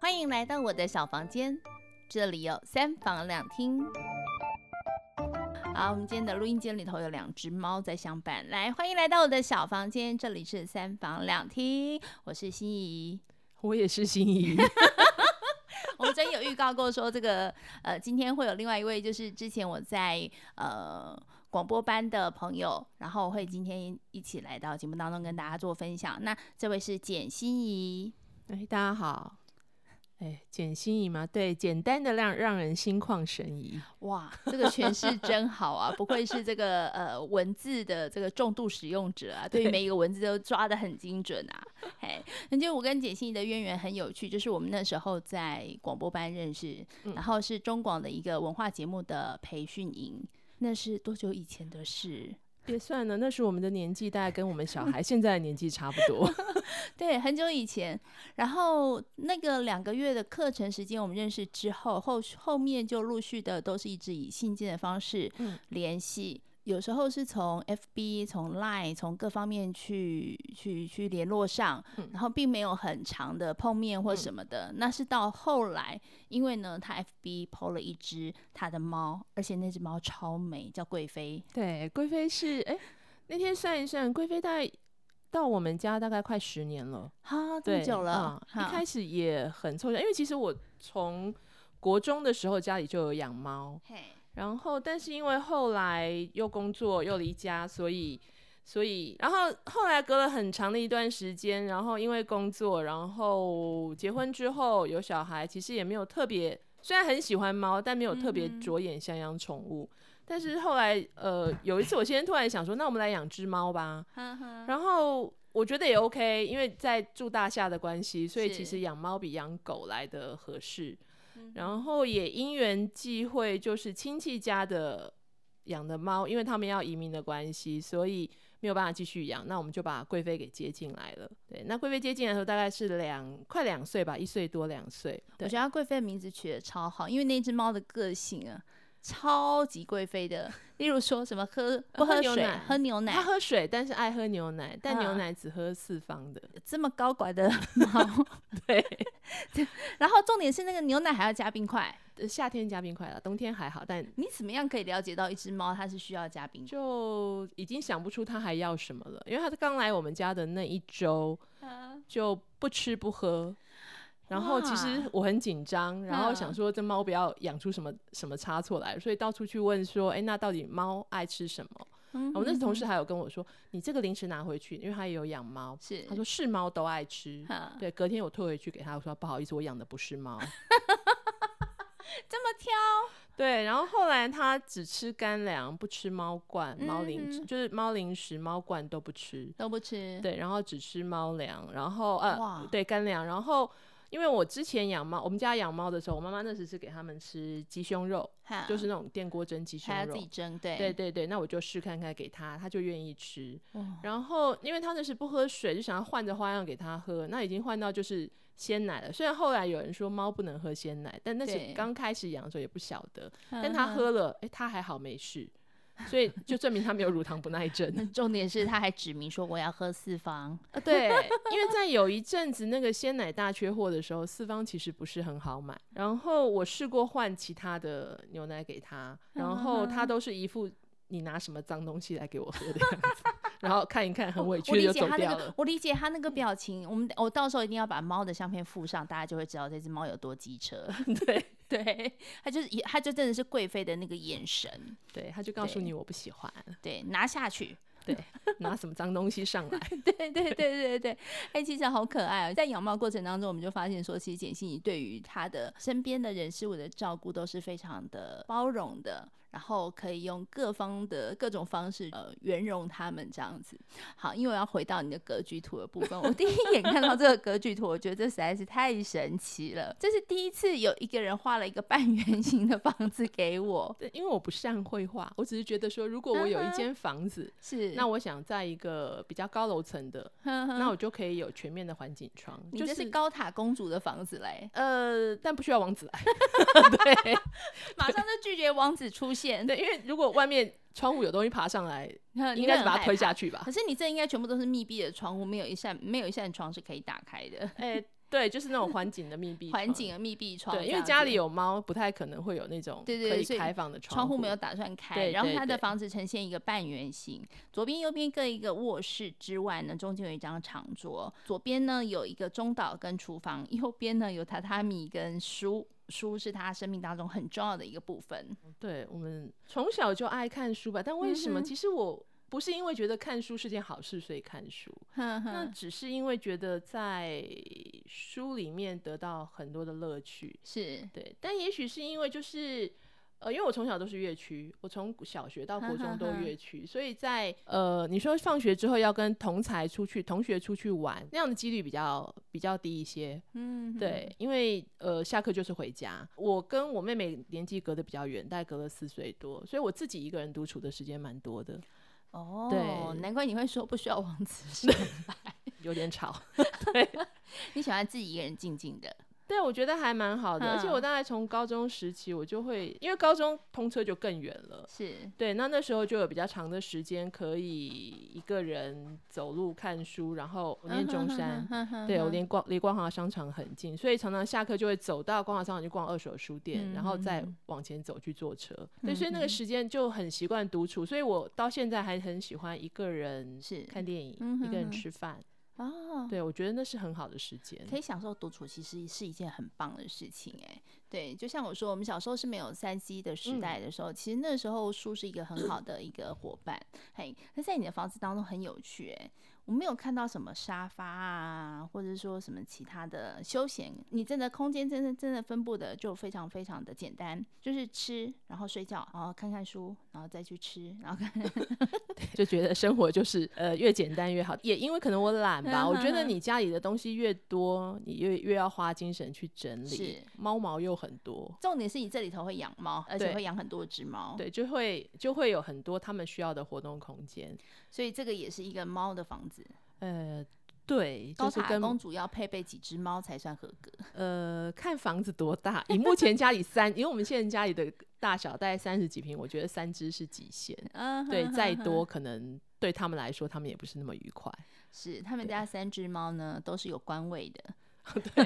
歡迎來到我的小房間這裡有三房兩廳。好，我們今天的錄音間裡頭有兩隻貓在相伴。來，歡迎來到我的小房間，這裡是三房兩廳，我是心怡，我也是心怡。 我們之前有預告過說，這個呃，今天會有另外一位，就是之前我在呃廣播班的朋友，然後我會今天一起來到節目當中跟大家做分享。那這位是簡心怡，哎，大家好。哎，簡心怡嗎？對，簡單的讓讓人心曠神怡，哇，這個詮釋真好啊， 不愧是這個呃文字的這個重度使用者啊，對，對於每一個文字都抓得很精準啊。 嘿，那就我跟簡心怡的淵源很有趣，就是我們那時候在廣播班認識，嗯、然後是中廣的一個文化節目的培訓營，那是多久以前的事？別算了，那是我們的年紀，大概跟我們小孩現在的年紀差不多。 對，很久以前，然後那個兩個月的課程時間，我們認識之後，後後面就陸續的都是一直以信件的方式聯繫。嗯有時候是從 FB、從 Line、從各方面去去去聯絡上，嗯、然後並沒有很長的碰面或什麼的。嗯、那是到後來，因為呢，他 FB PO 了一隻他的貓，而且那隻貓超美，叫貴妃。對，貴妃是，哎，那天算一算，貴妃大概到我們家大概快十年了。哈，這麼久了，一開始也很抽象，因為其實我從國中的時候家裡就有養貓。嘿然後，但是因為後來又工作又離家，所以所以，然後後來隔了很長的一段時間，然後因為工作，然後結婚之後有小孩，其實也沒有特別，雖然很喜歡貓，但沒有特別着眼想養寵物。嗯、哼但是後來，呃，有一次我先生突然想說， 那我們來養只貓吧。 然後我覺得也 OK，因為在住大廈的關係，所以其實養貓比養狗來得合適。然後也因緣際會，就是親戚家的養的貓，因為他們要移民的關係，所以沒有辦法繼續養。那我們就把貴妃給接進來了。對，那貴妃接進來的時候大概是兩，快兩歲吧，一歲多兩歲。對，我覺得貴妃的名字取得超好，因為那隻貓的個性啊。超級貴妃的，例如說什麼喝不喝水，喝牛奶，他喝水，但是愛喝牛奶，但牛奶只喝四方的，啊、這麼高乖的貓， 對, 對。然後重點是那個牛奶還要加冰塊，夏天加冰塊了，冬天還好。但你怎麼樣可以了解到一只貓它是需要加冰塊？就已經想不出它還要什麼了，因為它剛來我們家的那一周，啊、就不吃不喝。然後其實我很緊張，然後想說這貓不要養出什麼什麼差錯來，所以到處去問說，誒，那到底貓愛吃什麼？然後我那時同事還有跟我說，你這個零食拿回去，因為他也有養貓，是他說是貓都愛吃，對。隔天我退回去給他我說，不好意思，我養的不是貓，這麼挑。對，然後後來他只吃乾糧，不吃貓罐、貓零食，就是貓零食、貓罐都不吃，都不吃。對，然後只吃貓糧，然後呃，對乾糧，然後。因為我之前養貓，我們家養貓的時候，我媽媽那時是給他們吃雞胸肉，好就是那種電鍋蒸雞胸肉，自己蒸。對，對對對，那我就試看看給他，他就願意吃。嗯，然後因為他那時不喝水，就想要換着花樣給他喝。那已經換到就是鮮奶了。雖然後來有人說貓不能喝鮮奶，但那時剛開始養的時候也不曉得。對但他喝了，哎、欸，他還好沒事。所以就證明他沒有乳糖不耐症。 重點是他還指明說我要喝四方。 對，因為在有一陣子那個鮮奶大缺貨的時候，四方其實不是很好買。然後我試過換其他的牛奶給他，然後他都是一副你拿什麼髒東西來給我喝的樣子， 然後看一看很委屈的就走掉了。我理解他那個，我理解他那個表情。我們我到時候一定要把貓的相片附上，大家就會知道這只貓有多機車。 對。對，他就是眼，他就真的是貴妃的那個眼神。對，他就告訴你，我不喜歡。對，對，拿下去。對， 拿什麼髒東西上來？ 對對對對對哎、 欸，其實好可愛啊、喔！在養貓過程當中，我們就發現說，其實簡心怡對於她的身邊的人事物的照顧都是非常的包容的。然後可以用各方的各種方式，呃，圓融他們這樣子。好，因為我要回到你的格局圖的部分，我第一眼看到這個格局圖， 我覺得這實在是太神奇了。這是第一次有一個人畫了一個半圓形的房子給我。對，因為我不善繪畫，我只是覺得說，如果我有一間房子，是、uh huh. 那我想在一個比較高樓層的，uh huh. 那我就可以有全面的觀景窗。 就是、是高塔公主的房子來，呃，但不需要王子來。 對， 馬上就拒絕王子出現。 對，因為如果外面窗戶有東西爬上來， 嗯、應該是把它推下去吧。可是你這應該全部都是密閉的窗戶，沒有一扇，沒有一扇窗是可以打開的？哎、欸，對，就是那種環景的密閉，環景的密閉窗。對，因為家裡有貓，不太可能會有那種可以開放的窗戶。窗戶沒有打算開。對，對，對。然後它的房子呈現一個半圓形，對對對，左邊、右邊各一個臥室之外呢，中間有一張長桌。左邊呢有一個中島跟廚房，右邊呢有榻榻米跟書。書是他生命當中很重要的一個部分。對，我們從小就愛看書吧，但為什麼？嗯、哼其實我不是因為覺得看書是件好事，所以看書， 那只是因為覺得在書裡面得到很多的樂趣。是，對，但也許是因為就是。呃，因為我從小都是樂曲，我從小學到國中都樂曲，呵呵呵，所以在呃，你說放學之後要跟同才出去、同學出去玩，那樣的幾率比較比較低一些。嗯哼，對，因為呃，下課就是回家。我跟我妹妹年紀隔得比較遠，大概隔了四歲多，所以我自己一個人獨處的時間蠻多的。哦，對，難怪你會說不需要王子是， 有點吵。 對，你喜歡自己一個人靜靜的。對，我覺得還蠻好的，而且我大概從高中時期，我就會，嗯、因為高中通車就更遠了，是對，那那時候就有比較長的時間可以一個人走路看書，然後我念中山，哦、呵呵呵對我念光，離光華商場很近，所以常常下課就會走到光華商場去逛二手書店，嗯、哼然後再往前走去坐車，嗯、哼對，所以那個時間就很習慣獨處，所以我到現在還很喜歡一個人是看電影，是一個人吃飯。嗯哦，oh, 對，我覺得那是很好的時間，可以享受獨處，其實是一件很棒的事情哎、欸。對，就像我說，我們小時候是沒有三 C 的時代的時候，嗯、其實那時候書是一個很好的一個夥伴。 嘿，那在你的房子當中很有趣、欸我沒有看到什麼沙發啊，或者說什麼其他的休閒。你真的空間，真的真的分布的就非常非常的簡單，就是吃，然後睡覺，然後看看書，然後再去吃，然後看 就覺得生活就是呃越簡單越好。也因為可能我懶吧，嗯、哼哼，我覺得你家裡的東西越多，你越越要花精神去整理。是，貓毛又很多。重點是你這裡頭會養貓，而且會養很多隻貓。對，就會就會有很多他們需要的活動空間。所以這個也是一個貓的房子。呃，對，就是跟高塔公主要配備幾隻貓才算合格？呃，看房子多大。以目前家裡三， 因為我們現在家裡的大小大概三十幾平，我覺得三隻是極限。嗯， 對， 再多可能對他們來說，他們也不是那麼愉快。是，他們家三隻貓呢，對都是有官位的， 對，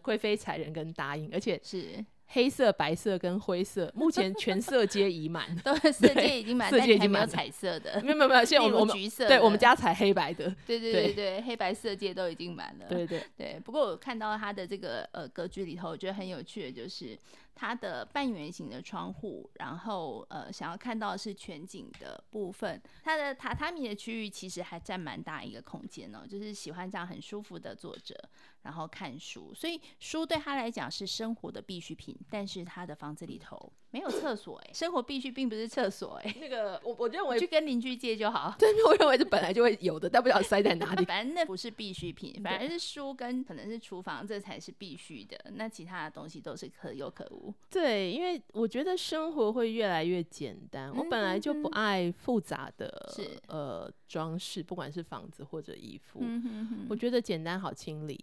貴妃、才人跟答應，而且是。黑色、白色跟灰色，目前全色階已滿， 對對色階已經滿，色階已經沒有彩色的，沒有沒有沒有，現在我們對，我們家彩黑白的，對，對對對對，黑白色階都已經滿了，對對對，對。不過我看到它的這個呃格局裡頭，我覺得很有趣的，就是。他的半圓形的窗戶，然後呃，想要看到的是全景的部分。他的榻榻米的區域其實還佔蠻大一個空間呢。哦，就是喜歡這樣很舒服的坐着，然後看書。所以書對他來講是生活的必需品，但是他的房子裡頭。沒有廁所哎、欸， 生活必須並不是廁所哎、欸。那個，我我認為去跟鄰居借就好。對，我認為是本來就會有的， 但不知道塞在哪裡。反正那不是必需品，反而對是書跟可能是廚房，這才是必須的。對那其他的東西都是可有可無。對，因為我覺得生活會越來越簡單。我本來就不愛複雜的嗯嗯嗯呃裝飾，不管是房子或者衣服，嗯嗯嗯嗯我覺得簡單好清理。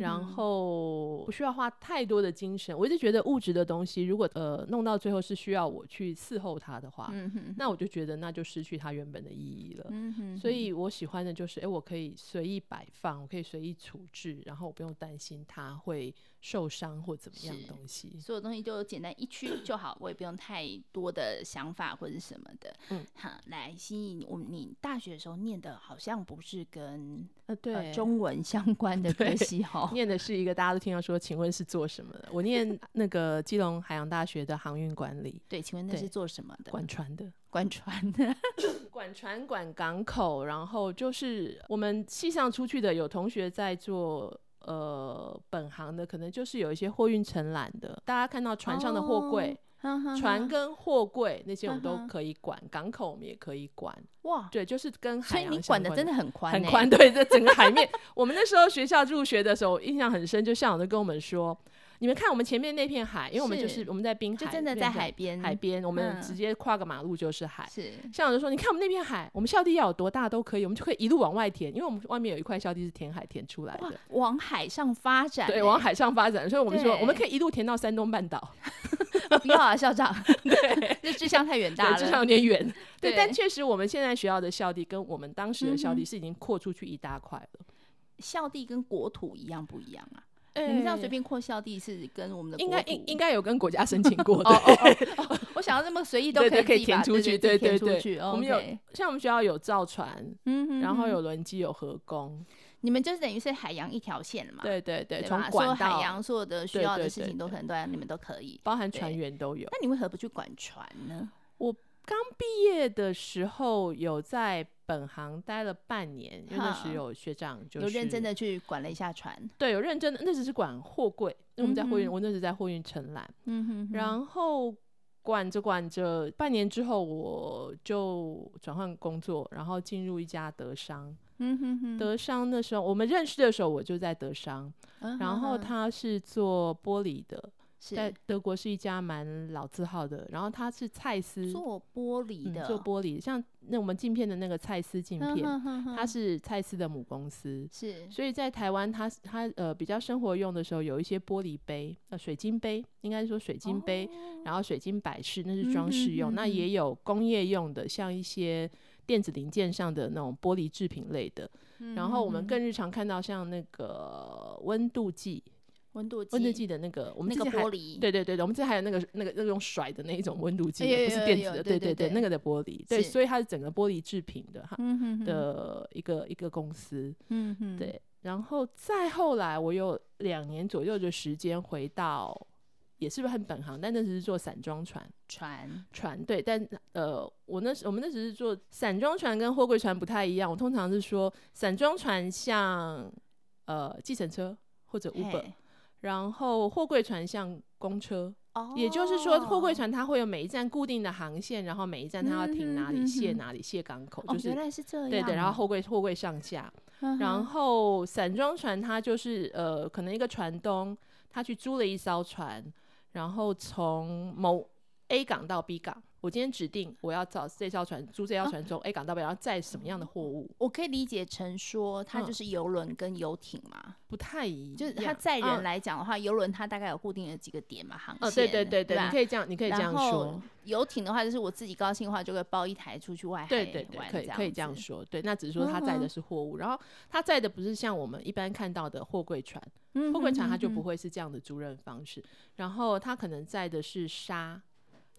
然後不需要花太多的精神，我一直覺得物質的東西，如果呃弄到最後是需要我去伺候它的話，嗯、哼哼那我就覺得那就失去它原本的意義了。嗯、哼哼所以我喜歡的就是，誒我可以隨意擺放，我可以隨意處置，然後我不用擔心它會。受傷或怎麼樣的東西，所有東西就簡單一區就好， 我也不用太多的想法或者什麼的。嗯，好，來，心怡，我你大學的時候念的，好像不是跟呃對呃中文相關的東西，哈，念的是一個大家都聽到說，請問是做什麼的？ 我念那個基隆海洋大學的航運管理，對，請問那是做什麼的？管船的，管關船的， 管船管港口，然後就是我們系上出去的有同學在做。呃，本行的可能就是有一些貨運承攬的，大家看到船上的貨櫃，oh, 船跟貨櫃那些我們都可以管， 港口我們也可以管。哇，Wow, 對，就是跟海洋相關的，你管得真的很寬、欸，很寬。對，這整個海面， 我們那時候學校入學的時候，印象很深，就校長都跟我們說。你們看我們前面那片海，因為我們就是我們在濱海，就真的在海邊。海邊，嗯、我們直接跨個馬路就是海。是，校長說，你看我們那片海，我們校地要有多大都可以，我們就可以一路往外填，因為我們外面有一塊校地是填海填出來的，往海上發展、欸。對，往海上發展，所以我們說，我們可以一路填到山東半島。你好啊，校長。 對， 這志向太遠大了，志向有點遠。對，對對，但確實我們現在學校的校地跟我們當時的校地是已經擴出去一大塊了、嗯。校地跟國土一樣不一樣啊？你這樣隨便擴校地是跟我們的應該應應該有跟國家申請過的。我想要這麼隨意都可以，可以填出去，對對對。我們有，像我們學校有造船，然後有輪機，有河工，你們就是等於是海洋一條線嘛。對對對，從管海洋所有的需要的事情都可能，你們都可以，包含船員都有。那你為何不去管船呢？我。剛畢業的時候，有在本行待了半年，因為那時有學長，就是，就認真的去管了一下船。對，有認真的，那只是管貨櫃。嗯、哼我們在貨運，我那時在貨運承攬。嗯哼哼。然後管着管着，半年之後我就轉換工作，然後進入一家德商。嗯哼哼。德商那時候我們認識的時候，我就在德商，嗯、哼哼然後他是做玻璃的。在德國是一家蠻老字號的，然後它是蔡司做玻璃的，嗯、做玻璃像那我們鏡片的那個蔡司鏡片，它是蔡司的母公司，是。所以在台灣，它它呃比較生活用的時候，有一些玻璃杯、呃、啊、水晶杯，應該是說水晶杯，哦、然後水晶擺飾，那是裝飾用，嗯哼嗯哼，那也有工業用的，像一些電子零件上的那種玻璃製品類的。嗯嗯，然後我們更日常看到像那個溫度計。溫度計的那個，我們還那個玻璃，對對對，我們這還有那個那個那種甩的那一種溫度計，不是電子的，有有有對，對對對，對對對對，那個的玻璃，是對，所以它是整個玻璃制品的哈，的一個一個公司，嗯哼對，然後再後來，我有兩年左右的時間回到，也是不是很本行，但那時是做散裝船，船船對，但呃，我那時我們那時是做散裝船跟貨櫃船不太一樣，我通常是說散裝船像呃計程車或者 Uber。然後貨櫃船像公車，哦、也就是說貨櫃船它會有每一站固定的航線，嗯、哼然後每一站它要停哪裡、卸哪裡、卸港口。嗯、哼就是、哦、原來是這樣。對對，然後貨櫃貨櫃上下，嗯、哼然後散裝船它就是呃，可能一個船東他去租了一艘船，然後從某 A 港到 B 港。我今天指定我要找這艘船，租這艘船中 A、啊欸、港到底要載什麼樣的貨物？我可以理解成說，它就是遊輪跟遊艇嘛、嗯，不太一樣。就是它載人來講的話，遊輪、嗯、它大概有固定的幾個點嘛航線、哦。對對對，對吧你可以這樣，你可以這樣說。然後遊艇的話，就是我自己高興的話，就會包一台出去外海玩，對對對，可以可以這樣說。對，那只是說它載的是貨物，啊啊然後它載的不是像我們一般看到的貨櫃船，貨櫃、嗯、哼船它就不會是這樣的租賃方式。嗯、哼然後它可能載的是沙。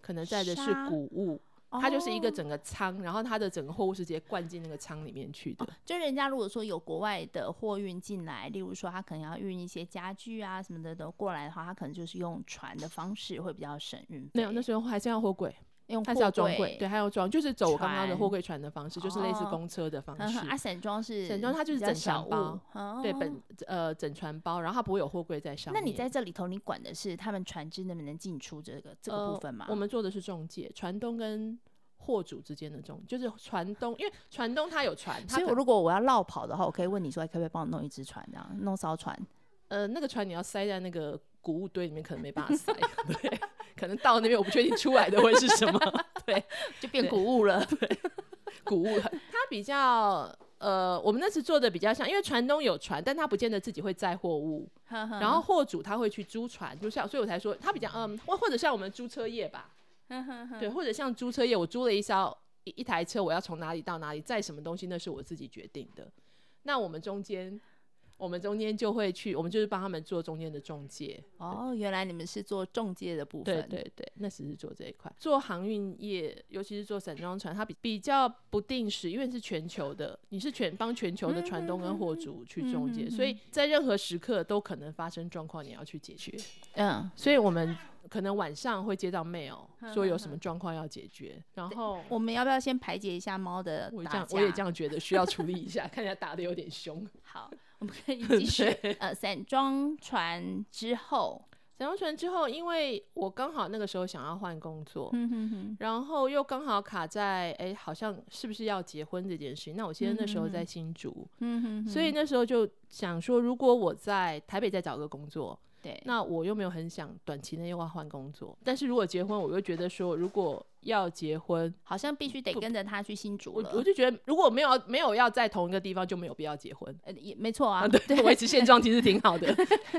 可能載的是谷物，oh. 它就是一個整個倉，然後它的整個貨物是直接灌進那個倉裡面去的、哦。就人家如果說有國外的貨運進來，例如說他可能要運一些家具啊什麼的都過來的話，他可能就是用船的方式會比較省運費。沒有，那時候還是要貨櫃。用貨櫃是要船 對，還要裝，就是走我剛剛的貨櫃船的方式，船就是類似公車的方式。哦、啊，散裝是散裝，它就是整小包，哦、對本呃整船包，然後它不會有貨櫃在上面。那你在這裡頭，你管的是他們船只能不能進出這個這個部分嗎？呃、我們做的是中介，船東跟貨主之間的中，就是船東，因為船東他有船，所以我如果我要落跑的話，我可以問你說可不可以幫我弄一只船，這樣弄艘船。呃，那個船你要塞在那個穀物堆裡面，可能沒辦法塞。 對可能到那邊我不確定出來的會是什麼，對，就變谷物了，對，谷物。它比較呃，我們那次做的比較像，因為船東有船，但他不見得自己會載貨物， 然後貨主他會去租船，就像，所以我才說他比較嗯，或或者像我們租車業吧， 對，或者像租車業，我租了一艘一一台車，我要從哪裡到哪裡載什麼東西，那是我自己決定的。那我們中間。我們中間就會去，我們就是幫他們做中間的中介。哦，對原來你們是做中介的部分。對對對，那只是做這一塊。做航運業，尤其是做散裝船，它比比較不定時，因為是全球的，你是全幫全球的船東跟貨主去中介，嗯嗯嗯嗯嗯、所以在任何時刻都可能發生狀況，你要去解決。嗯，所以我們可能晚上會接到 mail，說有什麼狀況要解決。呵呵，然後我們要不要先排解一下貓的打架？我這樣，我也這樣覺得，需要處理一下， 看起來打得有點凶。好。我們可以繼續， 對呃，散裝船之後，散裝船之後，因為我剛好那個時候想要換工作， 然後又剛好卡在，哎、欸，好像是不是要結婚這件事？那我先生那時候在新竹， 所以那時候就想說，如果我在台北再找個工作，對， 那我又沒有很想短期內又要換工作，但是如果結婚，我又覺得說如果。要結婚，好像必須得跟着他去新竹了。我我就覺得，如果沒有沒有要在同一個地方，就沒有必要結婚。呃，也沒錯啊，對維持現狀其實挺好的。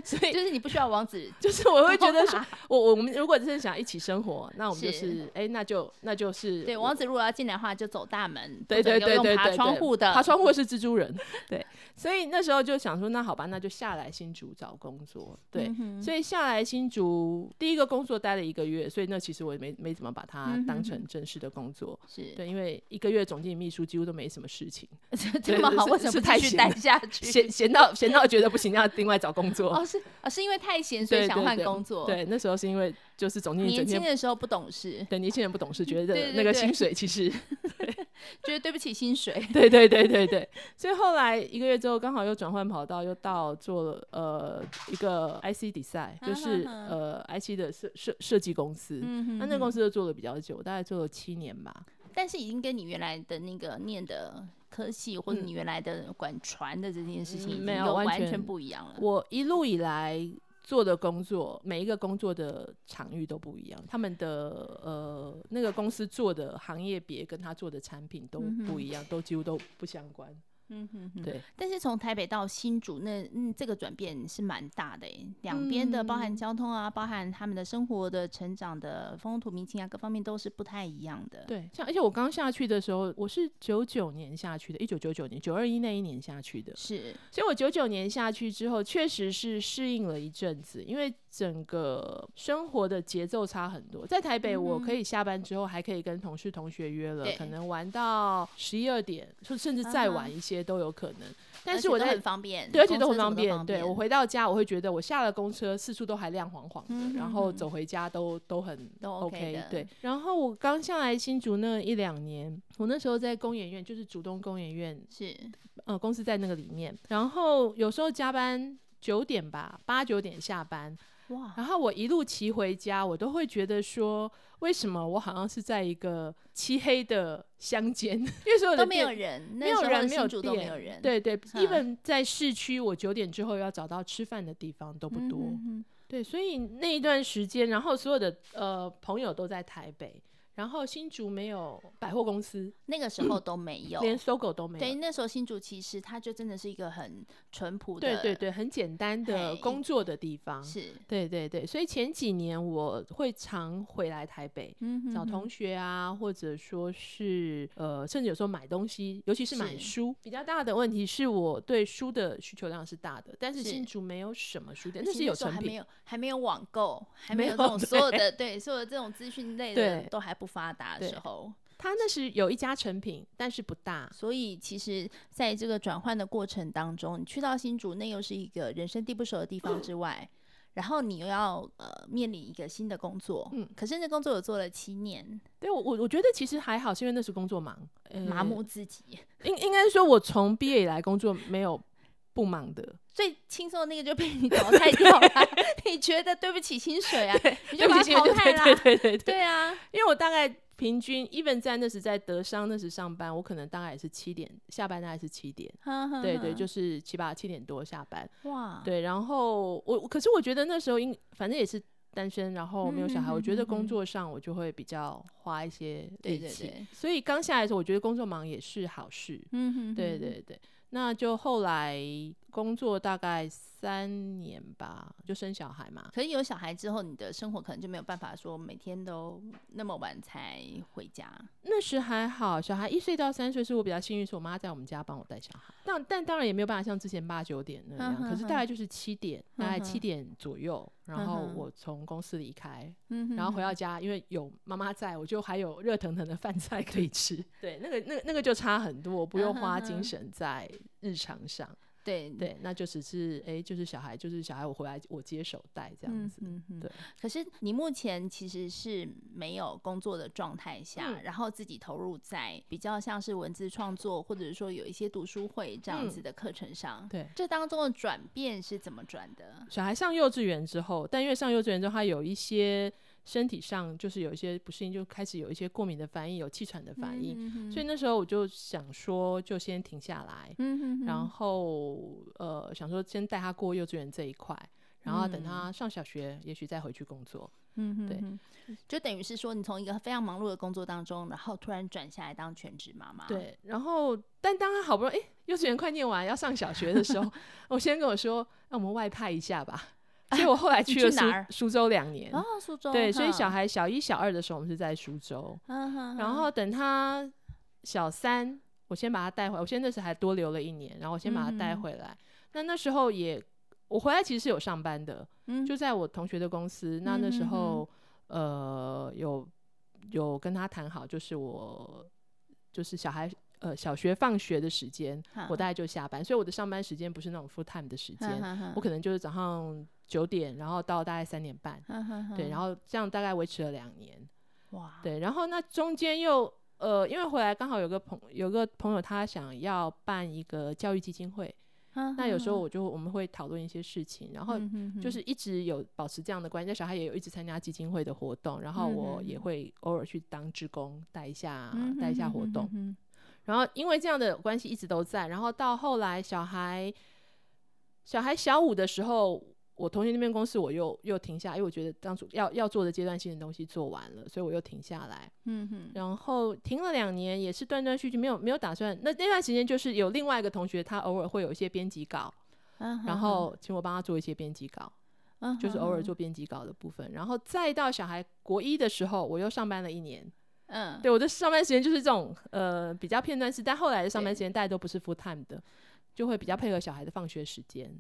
所以就是你不需要王子，就是我會覺得說，我我們如果真的想一起生活，那我們就是，哎，那就那就是。對，王子如果要進來的話，就走大門，對對對爬窗戶的，爬窗戶是蜘蛛人。對，所以那時候就想說，那好吧，那就下來新竹找工作。對，所以下來新竹第一個工作待了一個月，所以那其實我也沒沒怎麼把它。當成正式的工作是，對，因為一個月總經理秘書幾乎都沒什麼事情， 這麼好，對是為什麼不繼續待下去？閒閒到閒到覺得不行，要另外找工作。 哦，是啊。哦，是因為太閒，所以想換工作對對對。對，那時候是因為。就是總經理，年輕的時候不懂事。對，年輕人不懂事，覺得那個薪水，其實，覺得對不起薪水。對對對對對。 所以後來一個月之後，剛好又轉換跑道，又到做了呃一個 IC Design，就是呃 IC 的設設設設計公司。嗯嗯。那那個公司又做了比較久，大概做了七年吧。嗯、但是已經跟你原來的那個念的科系，或者你原來的管船的這件事情，沒有完全不一樣了。嗯嗯、我一路以來。做的工作，每一個工作的場域都不一樣，他們的呃，那個公司做的行業別跟他做的產品都不一樣，嗯哼，都幾乎都不相關。嗯哼，哼，對。但是從台北到新竹，那嗯，這個轉變是蠻大的欸，兩邊的，嗯、包含交通啊，包含他們的生活的、成長的風土民情啊，各方面都是不太一樣的。對，像而且我剛下去的時候，我是九九年下去的，一九九九年九二一那一年下去的。是，所以我九九年下去之後，確實是適應了一陣子，因為整個生活的節奏差很多。在台北，我可以下班之後還可以跟同事、同學約了，嗯、哼可能玩到十一二點，就對甚至再晚一些。嗯都有可能，但是我覺得很方便，對，而且都很方便。對，我回到家，我會覺得我下了公車，四處都還亮晃晃的，嗯、哼然後走回家都都很 OK, 都 OK。對，然後我剛下來新竹那一兩年，我那時候在工研院，就是竹東工研院，是呃，公司在那個裡面，然後有時候加班九點吧，八九點下班。Wow 然後我一路騎回家，我都會覺得說，為什麼我好像是在一個漆黑的鄉間？因為所有的都沒有人，沒有人沒有店，對對，even、uh. 在市區，我九點之後要找到吃飯的地方都不多。嗯、哼哼對，所以那一段時間，然後所有的呃朋友都在台北。然後新竹沒有百貨公司，那個時候都沒有， 連 Sogo 都沒有。對，那時候新竹其實它就真的是一個很淳樸的，對對對，很簡單的工作的地方。是，對對對。所以前幾年我會常回來台北，嗯、哼哼找同學啊，或者說是呃，甚至有時候買東西，尤其是買書。是比較大的問題是我對書的需求量是大的，但是新竹沒有什麼書店，那時候還沒有還沒有網購，還沒有這種所有的有對，對所有的這種資訊類的都還不。發達的時候，他那時，有一家成品，但是不大，所以其實在這個轉換的過程當中，你去到新竹，那又是一個人生地不熟的地方之外，嗯、然後你又要呃面臨一個新的工作，嗯，可是那工作我做了七年，對，我我我覺得其實還好，是因為那時工作忙，嗯、麻木自己，應應該說我從畢業以來工作沒有。不忙的，最輕鬆的那個就被你淘汰掉了。你覺得對不起薪水啊，你就把它淘汰了。對對對，對啊，因為我大概平均，even 在那時在德商那時上班，我可能大概也是七點下班，大概是七點。對對，就是七八七點多下班。哇，對，然後我，可是我覺得那時候應，反正也是單身，然後沒有小孩，我覺得工作上我就會比較花一些力氣。所以剛下來的時候，我覺得工作忙也是好事。嗯，對對對。那就後來。工作大概三年吧，就生小孩嘛。可是有小孩之後，你的生活可能就沒有辦法說每天都那麼晚才回家。那時還好，小孩一歲到三歲是我比較幸運，是我媽在我們家幫我帶小孩。但但當然也沒有辦法像之前八九點那樣，嗯、哼哼，可是大概就是七點，嗯、哼大概七點左右，嗯、哼然後我從公司離開，嗯、哼然後回到家，因為有媽媽在，我就還有熱騰騰的飯菜可以吃。嗯、哼哼，對，那個、那個、那個就差很多，不用花精神在日常上。嗯哼哼對對，那就只是哎、欸，就是小孩，就是小孩，我回來我接手帶這樣子。嗯、嗯、嗯，對。可是你目前其實是沒有工作的狀態下，嗯、然後自己投入在比較像是文字創作，或者是說有一些讀書會這樣子的課程上。對、嗯，這當中的轉變是怎麼轉的？小孩上幼稚園之後，但因為上幼稚園之後，他有一些。身體上就是有一些不適應，就開始有一些過敏的反應，有氣喘的反應，嗯、哼所以那時候我就想說，就先停下來，嗯、哼哼然後呃，想說先帶他過幼稚園這一塊，然後等他上小學，也許再回去工作，嗯哼哼對，就等於是說，你從一個非常忙碌的工作當中，然後突然轉下來當全職媽媽，對，然後但當他好不容易、欸、幼稚園快念完要上小學的時候， 嗯、我先跟我說，那我們外派一下吧。啊、所以我後來去了蘇蘇州兩年啊，蘇州對，所以小孩小一小二的時候，我們是在蘇州，啊啊啊、然後等他小三，我先把他帶回來。我先那時還多留了一年，然後我先把他帶回來。嗯、那那時候也，我回來其實是有上班的，嗯、就在我同學的公司。那那時候，嗯、呃，有有跟他談好，就是我就是小孩。呃，小學放學的時間，哈我大概就下班，所以我的上班時間不是那種 full time 的時間。哈哈哈，我可能就是早上九點，然後到大概三點半，哈哈哈對，然後這樣大概維持了兩年。哇，對，然後那中間又呃，因為回來剛好有個朋有個朋友，他想要辦一個教育基金會。哈哈哈，那有時候我就我們會討論一些事情，然後就是一直有保持這樣的關係，嗯、哼哼在小孩也有一直參加基金會的活動，然後我也會偶爾去當志工，帶一下帶、嗯、一下活動。嗯哼哼哼然後，因為這樣的關係一直都在，然後到後來小孩小孩小五的時候，我同學那邊公司我又又停下，因為我覺得當初要要做的階段性的東西做完了，所以我又停下來。嗯哼。然後停了兩年，也是斷斷續續，沒有沒有打算。那那段時間就是有另外一個同學，他偶爾會有一些編輯稿，uh huh. 然後請我幫他做一些編輯稿，uh huh. 就是偶爾做編輯稿的部分。Uh huh. 然後再到小孩國一的時候，我又上班了一年。嗯，對，我的上班時間就是這種，呃，比較片段式。但後來的上班時間，大家都不是 full time 的，對就會比較配合小孩的放學時間。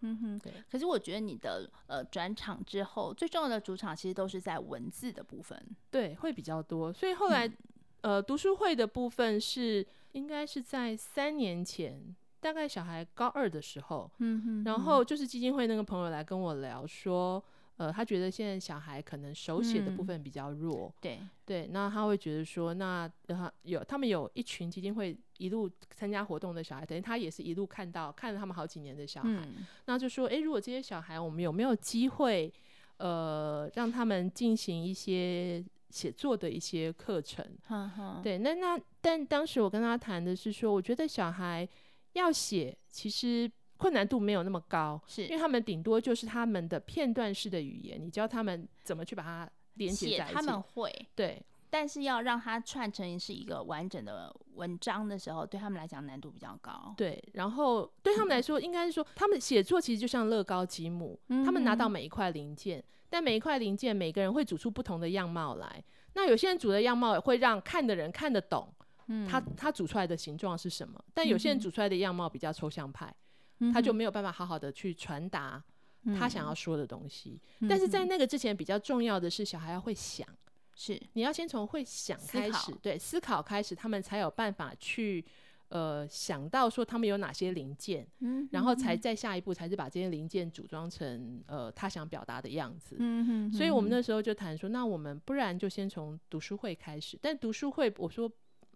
嗯哼，對。可是我覺得你的呃轉場之後，最重要的主場其實都是在文字的部分。對，會比較多。所以後來，嗯、呃，讀書會的部分是應該是在三年前，大概小孩高二的時候。嗯哼。然後就是基金會那個朋友來跟我聊說。呃，他覺得現在小孩可能手寫的部分比較弱，嗯、對對。那他會覺得說，那他有他們有一群基金會一路參加活動的小孩，等於他也是一路看到看了他們好幾年的小孩，嗯、那就說，哎，如果這些小孩，我們有沒有機會，呃，讓他們進行一些寫作的一些課程？嗯、對，那那但當時我跟他談的是說，我覺得小孩要寫其實。困難度沒有那麼高，是因為他們頂多就是他們的片段式的語言，你教他們怎麼去把它連接在一起，他們會對，但是要讓它串成是一個完整的文章的時候，對他們來講難度比較高。對，然後對他們來說，應該是說、嗯、他們寫作其實就像樂高積木，嗯嗯他們拿到每一塊零件，但每一塊零件每個人會組出不同的樣貌來。那有些人組的樣貌會讓看的人看得懂，嗯，他他組出來的形狀是什麼？但有些人組出來的樣貌比較抽象派。嗯嗯他就沒有辦法好好的去傳達他想要說的東西，嗯、哼但是在那個之前比較重要的是小孩要會想，是你要先從會想開始，思考對，思考開始，他們才有辦法去呃想到說他們有哪些零件，嗯、哼然後才在下一步才是把這些零件組裝成呃他想表達的樣子，嗯、哼所以我們那時候就談說，那我們不然就先從讀書會開始，但讀書會我說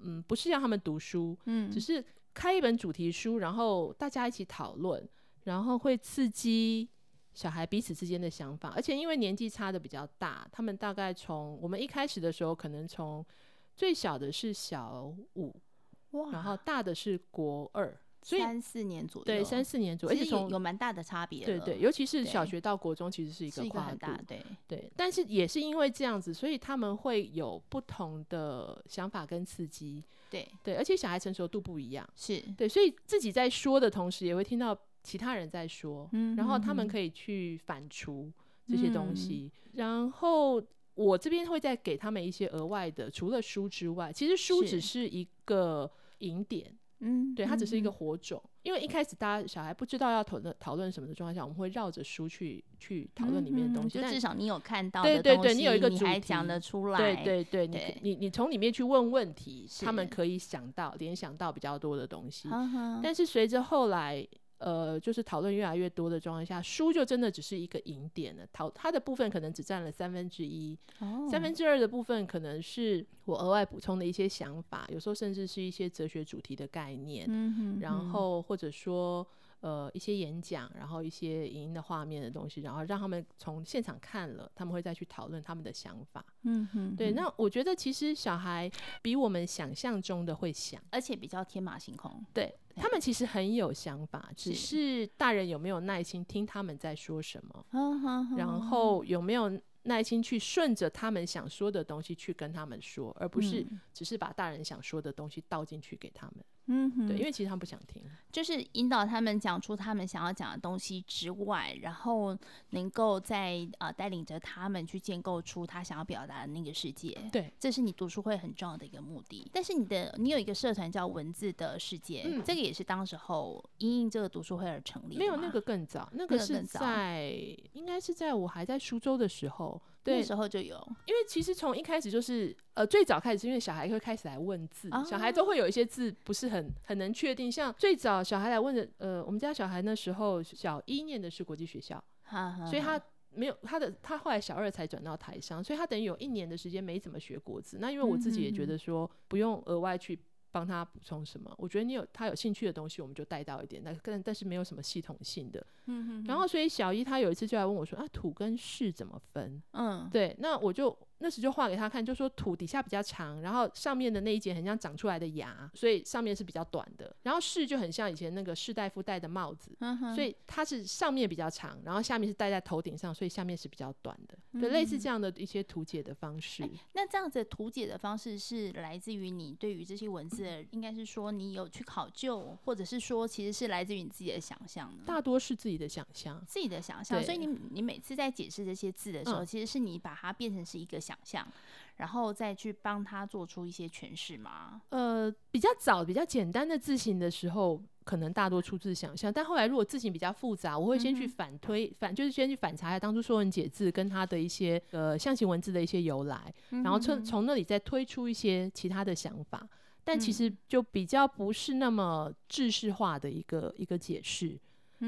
嗯不是讓他們讀書，嗯，只是。開一本主題書，然後大家一起討論，然後會刺激小孩彼此之間的想法，而且因為年紀差的比較大，他們大概從我們一開始的時候，可能從最小的是小五，哇然後大的是國二，所以三四年左右，對，三四年左右，而且有蠻大的差別，對對，尤其是小學到國中其實是一個跨度，對對，對，但是也是因為這樣子，所以他們會有不同的想法跟刺激。對對，而且小孩成熟度不一樣，是對，所以自己在說的同時，也會聽到其他人在說，嗯，然後他們可以去反芻這些東西，嗯，然後我這邊會再給他們一些額外的，除了書之外，其實書只是一個引點。嗯，對，它只是一個火種，因為一開始大家小孩不知道要討論討論什麼的狀況下，我們會繞着書去去討論裡面的東西。但至少你有看到，對對對，你有一個主題講得出來，對對對，你你你從裡面去問問題，他們可以想到聯想到比較多的東西。但是隨着後來。呃，就是討論越來越多的狀況下，書就真的只是一個引點了討，它的部分可能只佔了三分之一，哦、三分之二的部分可能是我額外補充的一些想法，有時候甚至是一些哲學主題的概念，嗯嗯然後或者說。呃，一些演講，然後一些影音的畫面的東西，然後讓他們從現場看了，他們會再去討論他們的想法。嗯哼哼，對。那我覺得其實小孩比我們想象中的會想，而且比較天馬行空。對，對他們其實很有想法，對只是大人有沒有耐心聽他們在說什麼？是然後有沒有耐心去順着他們想說的東西去跟他們說，而不是只是把大人想說的東西倒進去給他們。嗯哼，對，因為其實他不想聽，就是引導他們講出他們想要講的東西之外，然後能夠在呃帶領着他們去建構出他想要表達的那個世界。對，這是你讀書會很重要的一個目的。但是你的你有一個社團叫文字的世界，嗯、這個也是當時候因應這個讀書會而成立的。沒有，那個更早，那個是在更早，應該是在我還在蘇州的時候。對那時候就有，因為其實從一開始就是，呃，最早開始是因為小孩會開始來問字，oh. 小孩都會有一些字不是很很能確定，像最早小孩來問的，呃，我們家小孩那時候小一念的是國際學校，oh. 所以他沒有他的，他後來小二才轉到台商，所以他等於有一年的時間沒怎麼學國字，那因為我自己也覺得說不用額外去。幫他補充什麼？我覺得你有他有興趣的東西，我們就帶到一點。但但但是沒有什麼系統性的。嗯哼,哼。然後所以小姨他有一次就來問我說：“啊，土跟士怎麼分？”嗯，對。那我就那時就畫給他看，就說土底下比較長，然後上面的那一節很像長出來的芽，所以上面是比較短的。然後士就很像以前那個士大夫戴的帽子，所以它是上面比較長，然後下面是戴在頭頂上，所以下面是比較短的。類似這樣的一些圖解的方式，嗯欸、那這樣子圖解的方式是來自於你對於這些文字，應該是說你有去考究，嗯、或者是說其實是來自於你自己的想象。大多是自己的想象，自己的想象。對了。所以你你每次在解釋這些字的時候，嗯、其實是你把它變成是一個想象，然後再去幫他做出一些詮釋嗎？呃，比較早、比較簡單的字形的時候。可能大多出自想象，但後來如果字形比較複雜，我會先去反推，嗯、哼反就是先去反查一下當初《說文解字》跟他的一些呃象形文字的一些由來，嗯、哼然後從從那裡再推出一些其他的想法。但其實就比較不是那麼制式化的一個、嗯、一個解釋，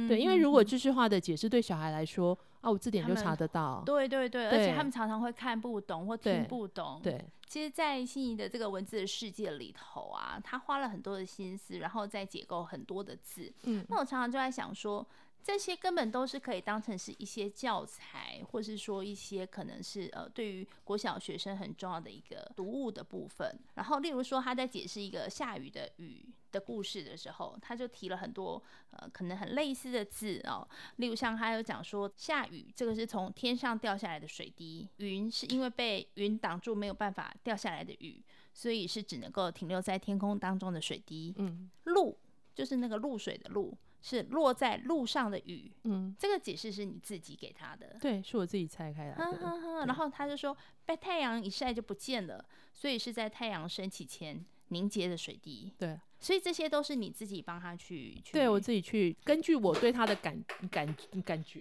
對，因為如果制式化的解釋、嗯、哼對，對小孩來說。哦，啊、我字典就查得到。對對對，對而且他們常常會看不懂或聽不懂。其實，在心怡的這個文字的世界裡頭啊，他花了很多的心思，然後再解構很多的字。嗯，那我常常就在想說，這些根本都是可以當成是一些教材，或是說一些可能是呃，對於國小學生很重要的一個讀物的部分。然後，例如說他在解釋一個下雨的雨的故事的時候，他就提了很多呃，可能很類似的字哦、喔。例如像他有講說，下雨這個是從天上掉下來的水滴，雲是因為被雲擋住沒有辦法掉下來的雨，所以是只能夠停留在天空當中的水滴。嗯，露就是那個露水的露，是落在路上的雨。嗯，這個解釋是你自己給他的？對，是我自己拆開的、那個。 然後他就說，被太陽一曬就不見了，所以是在太陽升起前。凝結的水滴。對，所以這些都是你自己幫他去，去對，我自己去，根據我對他的感感感覺，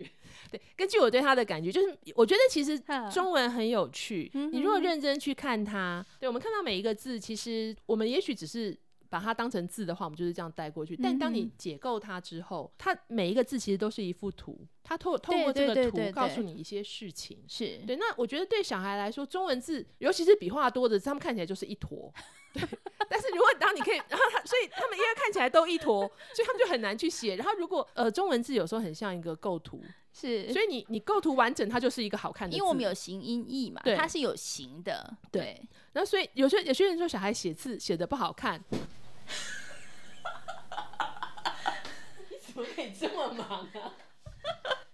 對，根據我對他的感覺，就是我覺得其實中文很有趣。呵你如果認真去看它，嗯、哼對我們看到每一個字，其實我們也許只是把它當成字的話，我們就是這樣帶過去。但當你解構它之後，它、嗯、哼每一個字其實都是一幅圖。它透透過這個圖告訴你一些事情。是對。那我覺得對小孩來說，中文字尤其是筆畫多的，他們看起來就是一坨。 對，但是如果當你可以，然後他所以他們因為看起來都一坨， 所以他們就很難去寫。然後如果呃中文字有時候很像一個構圖，是，所以你你構圖完整，它就是一個好看的字。因為我們有形音義嘛，對它是有形的。對，然後所以有些有些人說小孩寫字寫得不好看， 你怎麼可以這麼忙啊？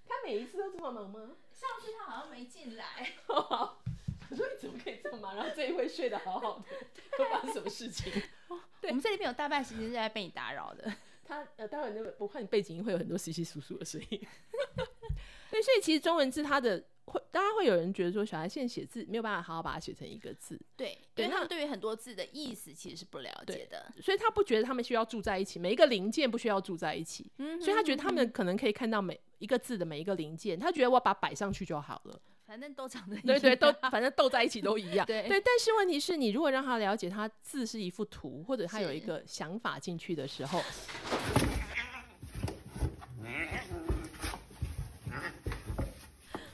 他每一次都這麼忙嗎？上次他好像沒進來。 我說你怎麼可以這麼忙，然後這一回睡得好好的，都發 什麼事情？ 哦、對我們這裡邊有大半時間是在被你打擾的。 他呃，待會就不換背景音，會有很多稀稀疏疏的聲音。 對，所以其實中文字，它的會，大家會有人覺得說，小孩現在寫字沒有辦法好好把它寫成一個字。對，對他們對於很多字的意思其實是不了解的，所以他不覺得他們需要住在一起，每一個零件不需要住在一起。嗯哼，所以他覺得他們可能可以看到每一個字的每一個零件，嗯、哼他覺得我要把它擺上去就好了。反正都長得一樣對對,對都，反正鬥在一起都一樣。 對,對，但是問題是你如果讓他了解，他字是一幅圖，或者他有一個想法進去的時候。是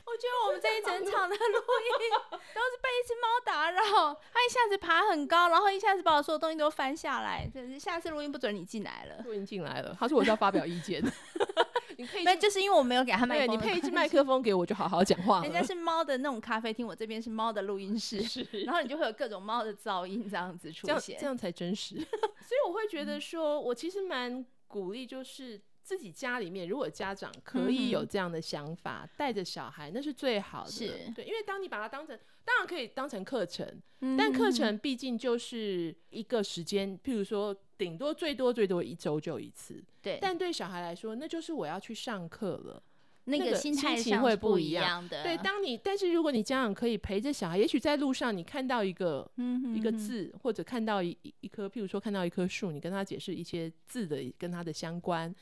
我覺得我們這一整場的錄音都是被一只貓打擾，它一下子爬很高，然後一下子把我說的東西都翻下來。是,是，下次錄音不准你進來了。錄音進來了，他說我是要發表意見。 你那就是因為我沒有給他麥克風，你配一支麥克風給我就好好講話。人家是貓的那種咖啡廳，我這邊是貓的錄音室，是然後你就會有各種貓的噪音這樣子出現，這樣，這樣才真實。 所以我會覺得說，嗯、我其實蠻鼓勵，就是自己家裡面如果家長可以有這樣的想法，嗯、哼帶着小孩那是最好的。是對，因為當你把它當成，當然可以當成課程，嗯、但課程畢竟就是一個時間，譬如說。頂多最多最多一周就一次，對。但對小孩來說，那就是我要去上課了。那個心情會不一樣的。對，當你但是如果你家長可以陪着小孩，也許在路上你看到一個一個字，或者看到一一棵，譬如說看到一棵樹，你跟他解釋一些字的跟它的相關。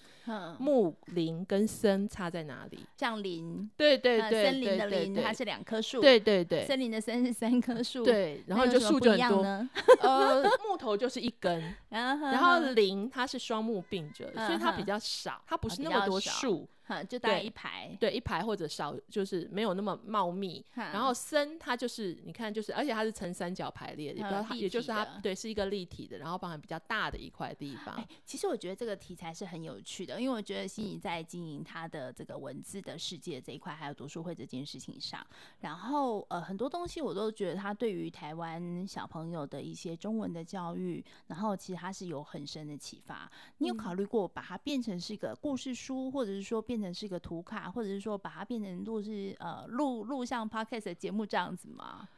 木林跟森差在哪裡？像林，對對對，森林的林它是兩棵樹，對對對，森林的森是三棵樹，對，然後就樹就很多呃，木頭就是一根，然後林它是雙木並着，所以它比較少，它不是那麼多樹。就大概一排，對，對一排或者少，就是沒有那麼茂密。哈然後深，它就是你看，就是而且它是呈三角排列，的也就是它對，是一個立體的，然後包含比較大的一塊地方，欸。其實我覺得這個題材是很有趣的，因為我覺得心怡在經營他的這個文字的世界這一塊，嗯、還有讀書會這件事情上，然後呃很多東西我都覺得他對於台灣小朋友的一些中文的教育，然後其實他是有很深的啟發。你有考慮過把它變成是一個故事書，嗯、或者是說？變成是一個圖卡，或者是說把它變成錄是呃錄錄像 podcast 的節目這樣子嗎？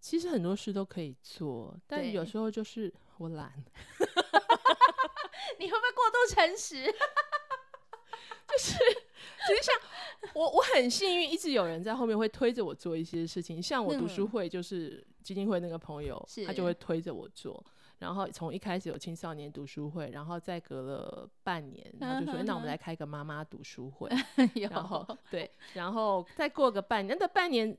其實很多事都可以做，但對有時候就是我懶。 你會不會過度誠實？ 就是其實像 我，我很幸運，一直有人在後面會推着我做一些事情，像我讀書會就是基金會那個朋友，是他就會推着我做。然後從一開始有青少年讀書會，然後再隔了半年，然後就說、嗯哼哼哎、那我們來開個媽媽讀書會， 有然後對，然後再過個半年，那半年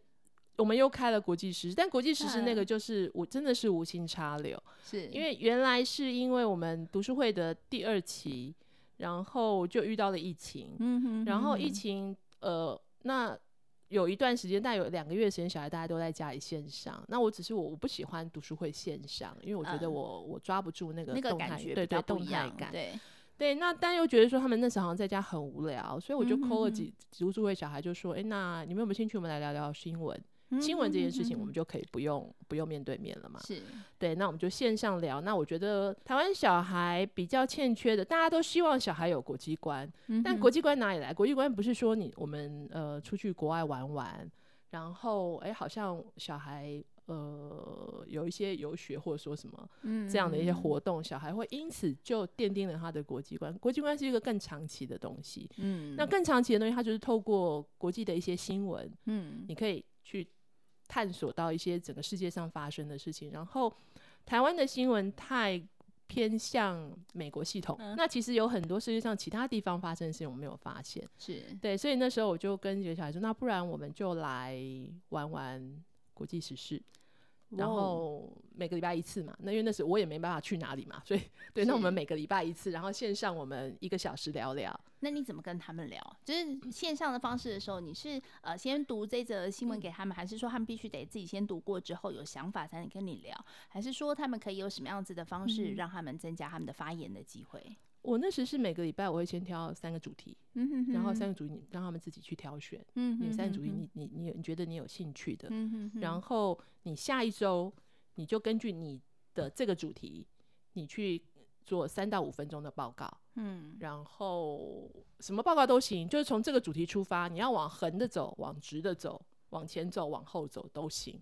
我們又開了國際時事，但國際時事那個就是我、嗯、真的是無心插柳，是因為原來是因為我們讀書會的第二期，然後就遇到了疫情，嗯哼然後疫情、嗯、哼呃那。有一段時間，大概有兩個月時間，小孩大家都在家裡線上。那我只是我我不喜歡讀書會線上，因為我覺得我、嗯、我抓不住那個動態、那個感覺，對對動態感，對對。那但又覺得說他們那時候好像在家很無聊，所以我就 call 了幾嗯嗯嗯幾讀書會小孩，就說：“哎、欸，那你們有沒有興趣？我們來聊聊新聞。”新聞這件事情，我們就可以不用、嗯、哼哼哼不用面對面了嘛？是對，那我們就線上聊。那我覺得台灣小孩比較欠缺的，大家都希望小孩有國際觀，嗯、哼但國際觀哪裡來？國際觀不是說你我們呃出去國外玩玩，然後哎、欸、好像小孩呃有一些遊學或者說什麼這樣的一些活動，小孩會因此就奠定了他的國際觀。國際觀是一個更長期的東西。嗯，那更長期的東西，它就是透過國際的一些新聞，嗯，你可以去。探索到一些整個世界上發生的事情，然後台灣的新聞太偏向美國系統，嗯、那其實有很多世界上其他地方發生的事情我沒有發現，是對，所以那時候我就跟幾個小孩說，那不然我們就來玩玩國際時事。然後每個禮拜一次嘛，那因為那時候，我也沒辦法去哪裡嘛，所以對，是那我們每個禮拜一次，然後線上我們一個小時聊聊。那你怎麼跟他們聊？就是線上的方式的時候，你是呃先讀這則新聞給他們，嗯、還是說他們必須得自己先讀過之後有想法才能跟你聊？還是說他們可以有什麼樣子的方式，讓他們增加他們的發言的機會？嗯我那時是每個禮拜我會先挑三個主題，嗯、哼哼然後三個主題你讓他們自己去挑選，哪、嗯、三個主題你你你你，你覺得你有興趣的，嗯、哼哼然後你下一周你就根據你的這個主題，你去做三到五分鐘的報告，嗯、然後什麼報告都行，就是從這個主題出發，你要往橫的走，往直的走，往前走，往後走都行，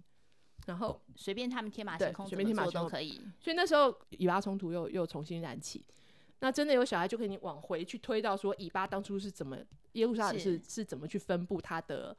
然後隨便他們天馬行空做都可以，所以那時候以巴衝突又又重新燃起。那真的有小孩，就可以你往回去推到說，以巴當初是怎麼，耶路撒冷是是，是怎麼去分布他的，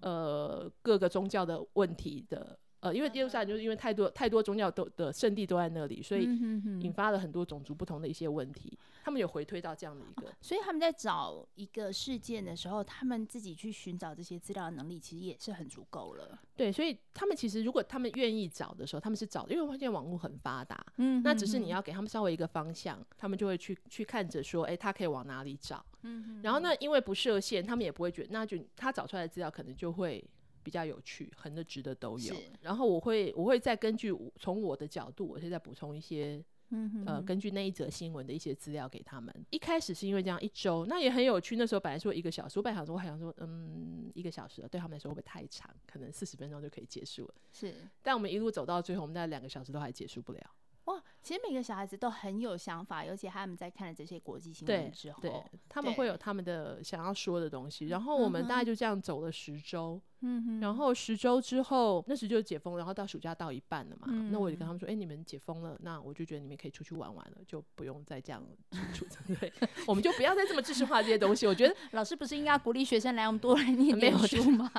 呃，各個宗教的問題的。呃，因為耶路撒就是因為太多太多宗教都的聖地都在那裡，所以引發了很多種族不同的一些問題。嗯、哼哼他們有回推到這樣的一個、啊，所以他們在找一個事件的時候，他們自己去尋找這些資料的能力其實也是很足夠了。對，所以他們其實如果他們願意找的時候，他們是找的，因為發現網絡很發達。嗯哼哼，那只是你要給他們稍微一個方向，他們就會去去看着說，誒、欸，他可以往哪裡找。嗯哼哼，然後那因為不設限，他們也不會覺得，那就他找出來的資料可能就會。比較有趣，橫的、直的都有。是然後我會，我會再根據從我的角度，我現在補充一些，嗯哼哼呃，根據那一則新聞的一些資料給他們。一開始是因為這樣一周，那也很有趣。那時候本來說一個小時，半小時，我還想說，嗯，一個小時了對他們來說會不會太長？可能四十分鐘就可以結束了。是，但我們一路走到最後，我們大概兩個小時都還結束不了。哇，其實每個小孩子都很有想法，尤其他們在看了這些國際新聞之後，對對他們會有他們的想要說的東西。對然後我們大概就這樣走了十周。嗯嗯哼，然後十周之後，那時就解封了，然後到暑假到一半了嘛，嗯、哼那我就跟他們說，哎、欸，你們解封了，那我就覺得你們可以出去玩玩了，就不用再這樣， 對我們就不要再這麼知識化這些東西。 我覺得老師不是應該鼓勵學生來我們多來念書嗎？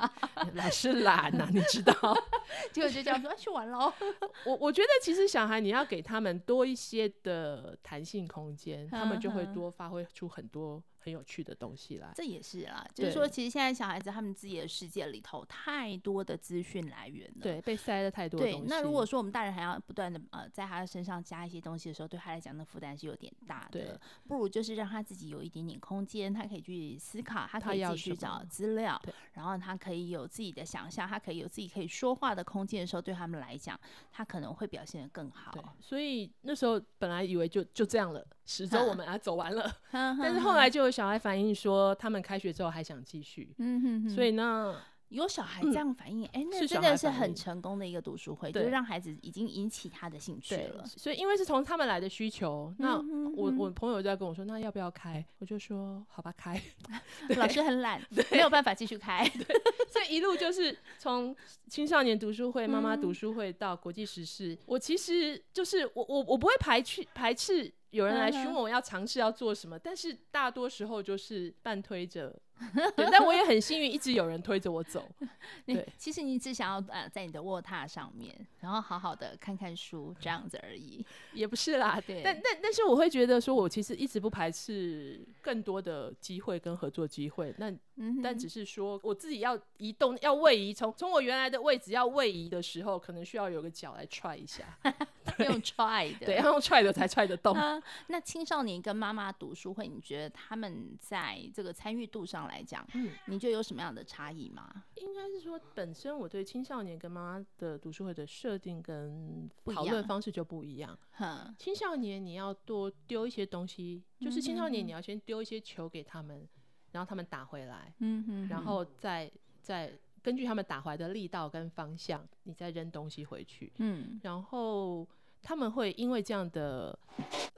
有 老師懶啊， 你知道？ 結果就這樣說，去玩嘍。 我我覺得其實小孩你要給他們多一些的彈性空間， 他們就會多發揮出很多。很有趣的東西啦，這也是啦，對就是說，其實現在小孩子他們自己的世界裡頭太多的資訊來源了，對，被塞的太多，對，那如果說我們大人還要不斷的呃在他身上加一些東西的時候，對他來講，那負擔是有點大的。對，不如就是讓他自己有一點點空間，他可以去思考，他可以自己去找資料，對，然後他可以有自己的想象，他可以有自己可以說話的空間的時候，對他們來講，他可能會表現得更好。所以那時候本來以為就就這樣了，十周我們啊，啊走完了，呵呵呵。但是後來就。小孩反映說，他們開學之後還想繼續，嗯哼、哼，所以呢，有小孩這樣反應哎、嗯欸，那真的是很成功的一個讀書會，是就是讓孩子已經引起他的興趣了。所以，因為是從他們來的需求，那我，嗯、哼哼，我、我朋友就在跟我說，那要不要開？我就說好吧，開。 對老師很懶，對沒有辦法繼續開對，所以一路就是從青少年讀書會、媽媽、嗯、讀書會到國際時事。我其實就是我我我不會排斥排斥。有人來詢問我要嘗試要做什麼，嗯、哼但是大多時候就是半推着， 但我也很幸運，一直有人推着我走。 你對其實你只想要呃在你的臥榻上面，然後好好的看看書這樣子而已，嗯、也不是啦。對，但但但是我會覺得說，我其實一直不排斥更多的機會跟合作機會。那但、嗯、哼但只是說我自己要移動要位移，從從我原來的位置要位移的時候，可能需要有個腳來踹一下。 用踹的，對，要用踹的才踹得動、啊。那青少年跟媽媽讀書會，你覺得他們在這個參與度上來講，嗯，你就有什麼樣的差異嗎？應該是說，本身我對青少年跟媽媽的讀書會的設定跟討論方式就不一樣。不一樣呵青少年你要多丟一些東西，嗯、就是青少年你要先丟一些球給他們，嗯、然後他們打回來，嗯嗯，嗯然後再、嗯、再。根據他們打回來的力道跟方向，你再扔東西回去。嗯，然後他們會因為這樣的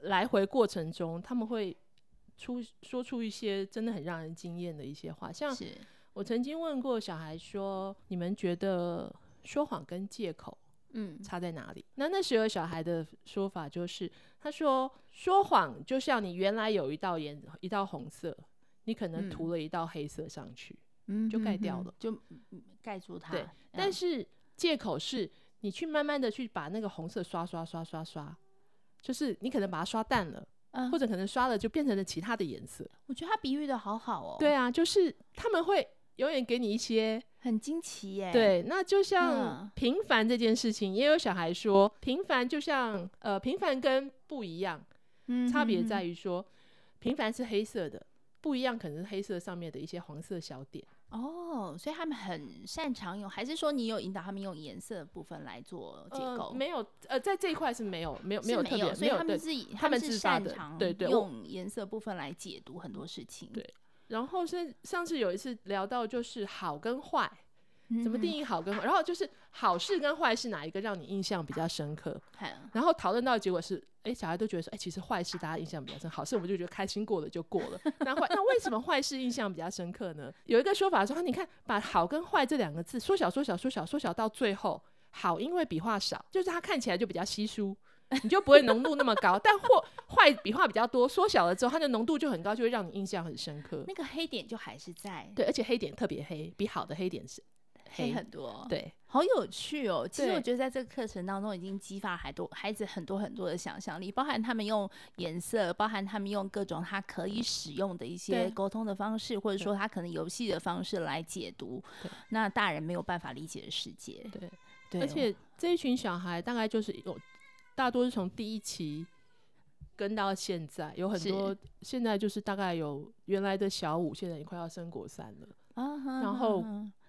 來回過程中，他們會出說出一些真的很讓人驚豔的一些話。像是我曾經問過小孩說：“你們覺得說謊跟借口，嗯，差在哪裡？”嗯、那那時候小孩的說法就是，他說說謊就像你原來有一道顏一道紅色，你可能塗了一道黑色上去。嗯嗯，就蓋掉了，嗯、哼哼就蓋就、嗯、住它。對，嗯、但是借口是你去慢慢的去把那個紅色刷刷刷刷刷，就是你可能把它刷淡了，嗯、或者可能刷了就變成了其他的顏色。我覺得他比喻的好好哦、喔。對啊，就是他們會永遠給你一些很驚奇耶、欸。對，那就像平凡這件事情，嗯、也有小孩說平凡就像呃平凡跟不一樣，嗯哼哼，差別在於說平凡是黑色的，不一樣可能是黑色上面的一些黃色小點。哦，所以他們很擅長用，還是說你有引導他們用顏色部分來做結構？呃，沒有，呃，在這一塊是沒有，沒有，沒有沒有，特別，所以他們，他們自己他們是擅長對對用顏色部分來解讀很多事情。對，對，然後是上次有一次聊到就是好跟壞，嗯，怎麼定義好跟壞？然後就是好事跟壞事哪一個讓你印象比較深刻？嗯，然後討論到的結果是。誒，小孩都覺得說，誒，其實壞事大家印象比較深，好事我們就覺得開心過了就過了。 那壞，那為什麼壞事印象比較深刻呢？有一個說法說，你看把好跟壞這兩個字縮小、縮小、縮小、縮小到最後，好，因為筆畫少，就是它看起來就比較稀疏，你就不會濃度那麼高。 但或壞筆畫比較多，縮小了之後，它的濃度就很高，就會讓你印象很深刻。那個黑點就還是在，對，而且黑點特別黑，比好的黑點是。Hey, 很多、喔，對，好有趣哦、喔。其實我覺得在這個課程當中，已經激發了孩子很多很多的想象力，包含他們用顏色，包含他們用各種他可以使用的一些溝通的方式，對或者說他可能遊戲的方式來解讀對那大人沒有辦法理解的世界。對，對。而且這一群小孩大概就是有大多是從第一期跟到現在，有很多現在就是大概有原來的小五，現在也快要升國三了、啊、然後。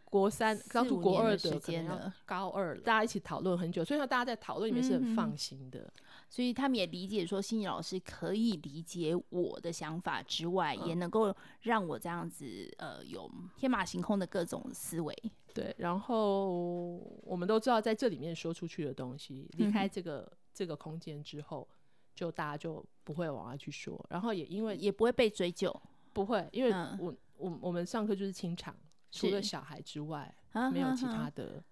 國三剛國二的，的時間了，高二了，大家一起討論很久，所以大家在討論裡面是很放心的。嗯嗯，所以他們也理解說，心怡老師可以理解我的想法之外，嗯、也能夠讓我這樣子呃，有天馬行空的各種思維。對，然後我們都知道，在這裡面說出去的東西，離開這個嗯嗯這個空間之後，就大家就不會往外去說，然後也因為也不會被追究，不會，因為我，嗯、我我，我們上課就是清場。除了小孩之外，啊啊啊、沒有其他的，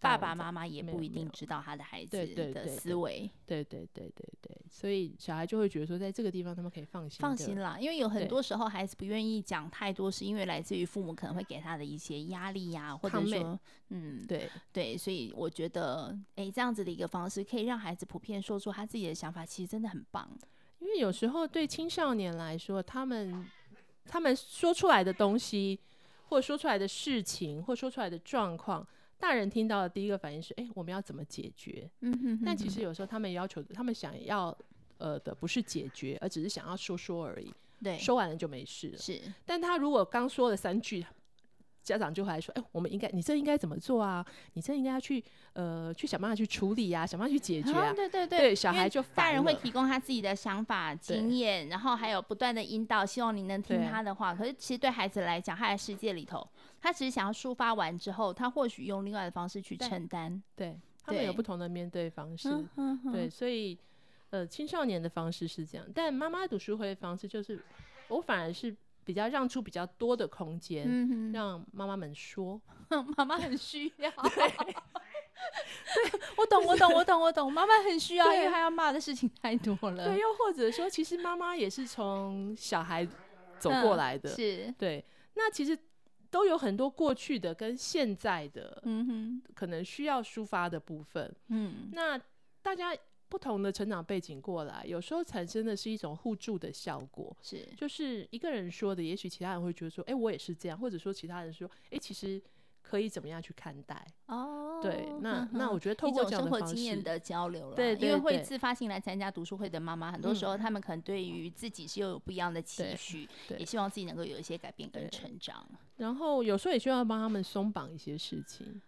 爸爸媽媽也不一定知道他的孩子的思維。對對對，對對對對對，所以小孩就會覺得說，在這個地方他們可以放心放心啦，因為有很多時候孩子不願意講太多，是因為來自於父母可能會給他的一些壓力呀、啊，或者說，妹嗯，對對，所以我覺得，誒，這樣子的一個方式可以讓孩子普遍說出他自己的想法，其實真的很棒。因為有時候對青少年來說，他們他們說出來的東西。或說出來的事情，或說出來的狀況，大人聽到的第一個反應是：哎，我們要怎麼解決？嗯哼。但其實有時候他們要求，他們想要呃的不是解決，而只是想要說說而已。對，說完了就沒事了。是。但他如果剛說了三句。家長就會來說：“哎，我們應該，你這應該怎麼做啊？你這應該要去，呃，去想辦法去處理啊，想辦法去解決啊。嗯”對對對，對小孩就大人會提供他自己的想法經驗，對然後還有不斷的引導，希望你能聽他的話。對可是其實對孩子來講，他的世界裡頭，他只是想要抒發完之後，他或許用另外的方式去承擔。對,對,對他們有不同的面對方式，嗯嗯嗯、對，所以呃，青少年的方式是這樣，但媽媽讀書會的方式就是，我反而是。比較讓出比較多的空間，嗯、哼讓媽媽們說，媽媽很需要。對, 對，我懂，我懂，我懂，我懂，媽媽很需要，對因為她要罵的事情太多了。對，又或者說，其實媽媽也是從小孩走過來的，嗯、是對。那其實都有很多過去的跟現在的，嗯哼，可能需要抒發的部分，嗯，那大家。不同的成長背景過來，有時候產生的是一種互助的效果。是，就是一個人說的，也許其他人會覺得說，哎、欸，我也是這樣，或者說其他人說，哎、欸，其實可以怎麼樣去看待？哦，對，那、嗯、哼那我覺得透過這樣的方式，一種生活經驗的交流。對，對，對，對，因為會自發性來參加讀書會的媽媽，很多時候他們可能對於自己是又有不一樣的期許，嗯、也希望自己能夠有一些改變跟成長。然後有時候也希望幫他們鬆綁一些事情。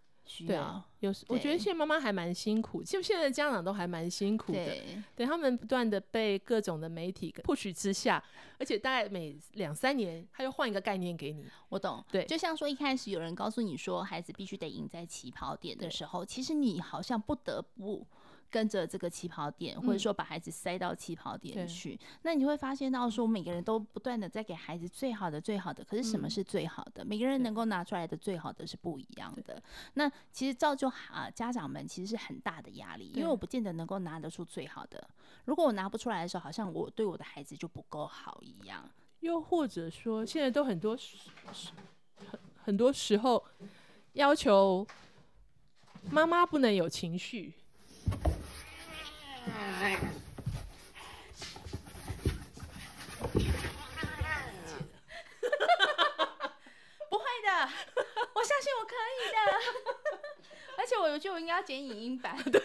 對啊，有我覺得現在媽媽還蠻辛苦，對就現在家長都還蠻辛苦的，對，對，他們不斷的被各種的媒體 push 之下，而且大概每兩三年他又換一個概念給你，我懂，對，就像說一開始有人告訴你說，孩子必須得贏在起跑點的時候，對其實你好像不得不。跟着這個起跑點，或者說把孩子塞到起跑點去，嗯、那你會發現到說，每個人都不斷的在給孩子最好的、最好的。可是什麼是最好的？嗯、每個人能夠拿出來的最好的是不一樣的。對那其實造就啊，家長們其實是很大的壓力，對因為我不見得能夠拿得出最好的。如果我拿不出來的時候，好像我對我的孩子就不夠好一樣。又或者說，現在都很多，很多時候要求媽媽不能有情緒。 不會的，我相信我可以的。而且我覺得我應該要剪影音版，對，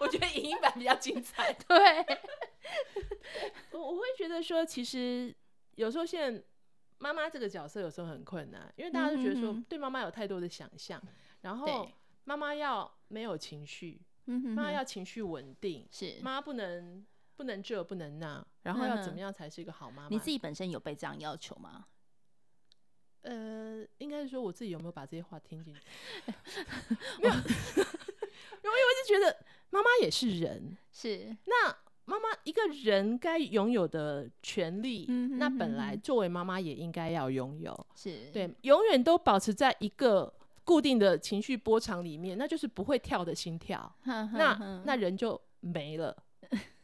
我覺得影音版比較精彩。 對， 我我會覺得說，其實有時候現在媽媽這個角色有時候很困難，因為大家都覺得說對媽媽有太多的想象，嗯嗯嗯，然後媽媽要沒有情緒。媽媽要情緒穩定，是媽媽不能不能這不能那，然後要怎麼樣才是一個好媽媽？嗯、你自己本身有被這樣要求嗎？呃，應該是說我自己有沒有把這些話聽進去？哎、 沒有，因為 我一直覺得媽媽也是人，是那媽媽一個人該擁有的權利，嗯、哼哼那本來作為媽媽也應該要擁有，是，對，永遠都保持在一個。固定的情緒波長裡面，那就是不會跳的心跳，呵呵呵那那人就沒了，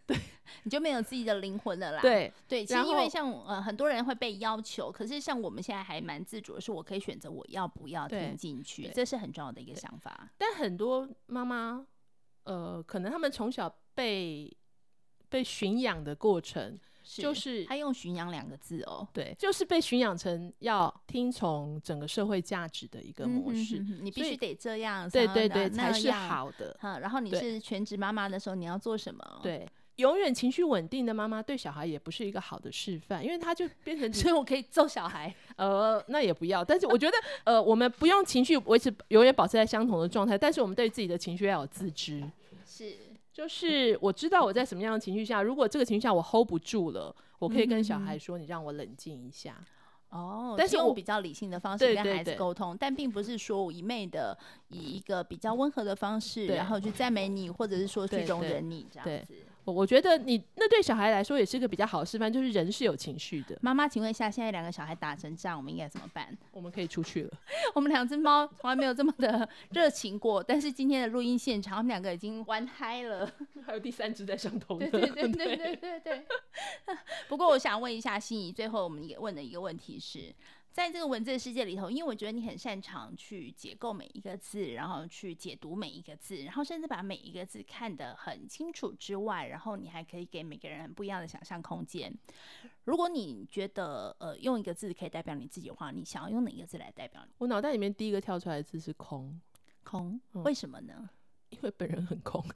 對， 你就沒有自己的靈魂了啦。對對，對後其實因為像呃很多人會被要求，可是像我們現在還蠻自主的是，是我可以選擇我要不要聽進去，對這是很重要的一個想法。但很多媽媽呃，可能他們從小被被馴養的過程。是就是他用“馴養”兩個字哦，對，就是被馴養成要聽從整個社會價值的一個模式，嗯嗯嗯，你必須得這樣，所以，所以，對，對對對，才是好的。哈、嗯，然後你是全職媽媽的時候，對你要做什麼？對，永遠情緒穩定的媽媽對小孩也不是一個好的示範，因為他就變成，所以我可以揍小孩？ 呃，那也不要。但是我覺得，呃，我們不用情緒維持永遠保持在相同的狀態，但是我們對自己的情緒要有自知。是。就是我知道我在什麼樣的情緒下，如果這個情緒下我 hold 不住了，我可以跟小孩說：“你讓我冷靜一下。嗯”哦，但是我、哦、用比較理性的方式跟孩子溝通，對對對，但並不是說我一昧的以一個比較溫和的方式，對然後去讚美你，對對對，或者是說去容忍你這樣子。對對對我覺得你那對小孩來說也是個比較好的示範，就是人是有情緒的。媽媽，請問一下，現在兩個小孩打成這樣，我們應該怎麼辦？我們可以出去了。 我們兩只貓從來沒有這麼的熱情過， 但是今天的錄音現場，我們兩個已經玩嗨了。還有第三只在上頭。 對,對對對對對對對。 不過我想問一下心怡，最後我們也問了一個問題是。在這個文字的世界裡頭，因為我覺得你很擅長去解構每一個字，然後去解讀每一個字，然後甚至把每一個字看得很清楚之外，然後你還可以給每個人很不一樣的想象空間。如果你覺得呃用一個字可以代表你自己的話，你想要用哪個字來代表你？我腦袋裡面第一個跳出來的字是空。空？嗯。為什麼呢？因為本人很空，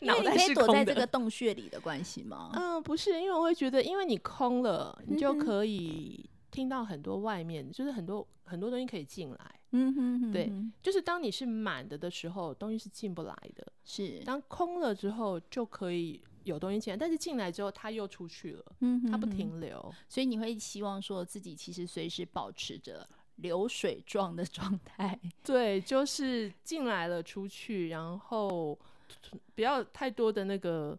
因為你可以躲在這個洞穴裡的關係嗎？嗯，不是，因為我會覺得，因為你空了，你就可以聽到很多外面，嗯、哼就是很多很多東西可以進來。嗯哼，哼對，就是當你是滿的的時候，東西是進不來的。是，當空了之後就可以有東西進來，但是進來之後它又出去了。嗯、哼哼，它不停留，所以你會希望說自己其實隨時保持着流水狀的狀態。 對，就是進來了出去，然後。不要太多的那個。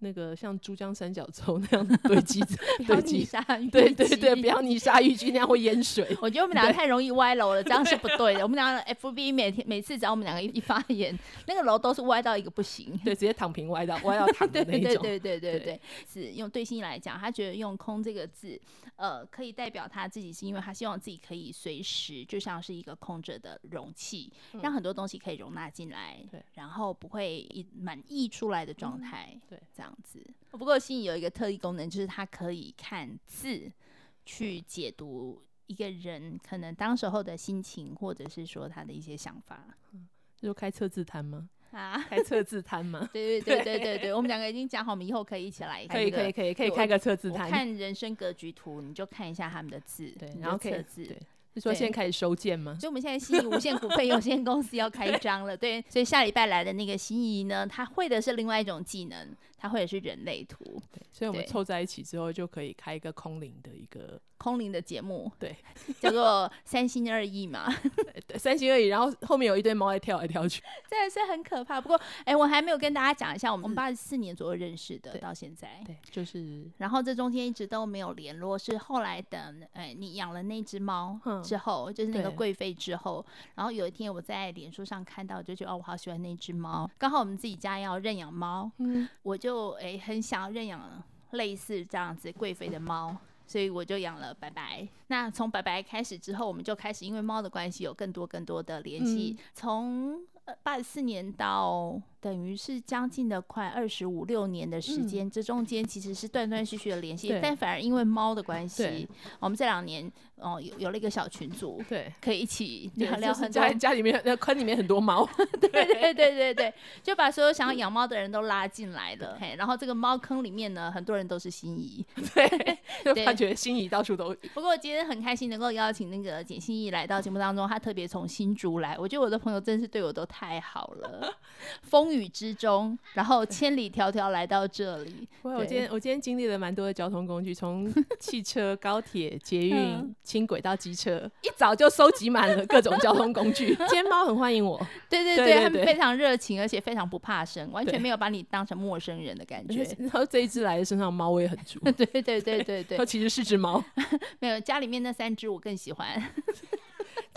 那個像珠江三角洲那樣的堆積堆積沙，對對對，不要泥沙淤積 那樣會淹水。 我覺得我們兩個太容易歪樓了，這樣是不對的。我們兩個 FB 每天每次只要我們兩個一一發言，那個樓都是歪到一個不行， 對，直接躺平歪到歪到躺的那種。 對對對對對對，對， 對 是用對心來講，他覺得用空這個字，呃，可以代表他自己，是因為他希望自己可以隨時就像是一個空着的容器，讓很多東西可以容納進來，對，然後不會滿溢出來的狀態，對，這樣。樣子。不過心怡有一個特異功能，就是他可以看字，去解讀一個人可能當時候的心情，或者是說他的一些想法。就、嗯、開測字攤嗎？啊，開測字攤嗎？對對對對對 我們兩個已經講好，我們以後可以一起來、那個。可以可以可以，可以，可以，可以開個測字攤。看人生格局圖，你就看一下他們的字，對，然後測字。是說現在開始收件嗎？所以我們現在心怡無限股份 有限公司要開張了，對，所以下禮拜來的那個心怡呢，他會的是另外一種技能。或者是人類圖，所以我們湊在一起之後，就可以開一個空靈的一個空靈的節目，對，叫做三心二意嘛，三心二意，然後後面有一堆貓在跳來跳去，真的是很可怕。不過，哎，我還沒有跟大家講一下，我們八十四年左右認識的，到現在，對，就是，然後這中間一直都沒有聯絡，是後來等，哎，你養了那隻貓之後，就是那個貴妃之後，然後有一天我在臉書上看到，就覺得哦，我好喜歡那隻貓，剛好我們自己家要認養貓，嗯，我就。就哎、欸，很想要認養類似這樣子貴妃的貓，所以我就養了白白。那從白白開始之後，我們就開始因為貓的關係有更多更多的聯繫。從八四年到。等於是將近的快二十五六年的時間，這中間其實是斷斷續續的聯繫，但反而因為貓的關係，我們這兩年哦有有了一個小群組，對，可以一起聊聊很多。家家裡面那坑裡面很多貓，對對對對對，就把所有想要養貓的人都拉進來了。然後這個貓坑裡面呢，很多人都是心怡，對，就覺得心怡到處都。不過今天很開心能夠邀請那個簡心怡來到節目當中，他特別從新竹來，我覺得我的朋友真是對我都太好了，風。風雨之中，然後千里迢迢來到這裡。對對我今天我今天經歷了蠻多的交通工具，從汽車、高鐵、捷運、輕軌到機車，一早就收集滿了各種交通工具。 今天貓很歡迎我，對，對對對，它們非常熱情，而且非常不怕生，完全沒有把你當成陌生人的感覺。然後對 這一只來的身上的貓味很足， 對對對對對。它其實是只貓， 沒有家裡面那三只我更喜歡。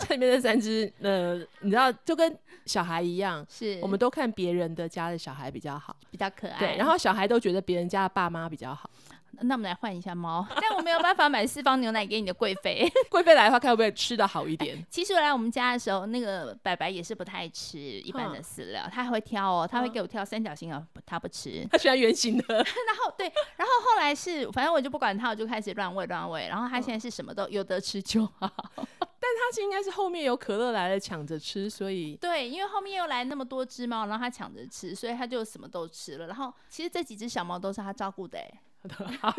這裡面的三隻，呃，你知道，就跟小孩一樣，是，我們都看別人的家的小孩比較好，比較可愛。對，然後小孩都覺得別人家的爸媽比較好。那我們來換一下貓，但我沒有辦法買四方牛奶給你的貴妃。貴 妃來的話，看會不會吃的好一點。欸、其實我來我們家的時候，那個白白也是不太吃一般的飼料，嗯、他還會挑哦，他會給我挑，嗯、三角形的，他不吃，他喜歡圓形的。 然後對，然後後來是， 反正我就不管他，我就開始亂餵亂餵。然後他現在是什麼都有得吃就好。嗯、但他應該是後面有可樂來了搶着吃，所以對，因為後面又來那麼多隻貓，然後他搶着吃，所以他就什麼都吃了。然後其實這幾隻小貓都是他照顧的哎，欸。 好 但，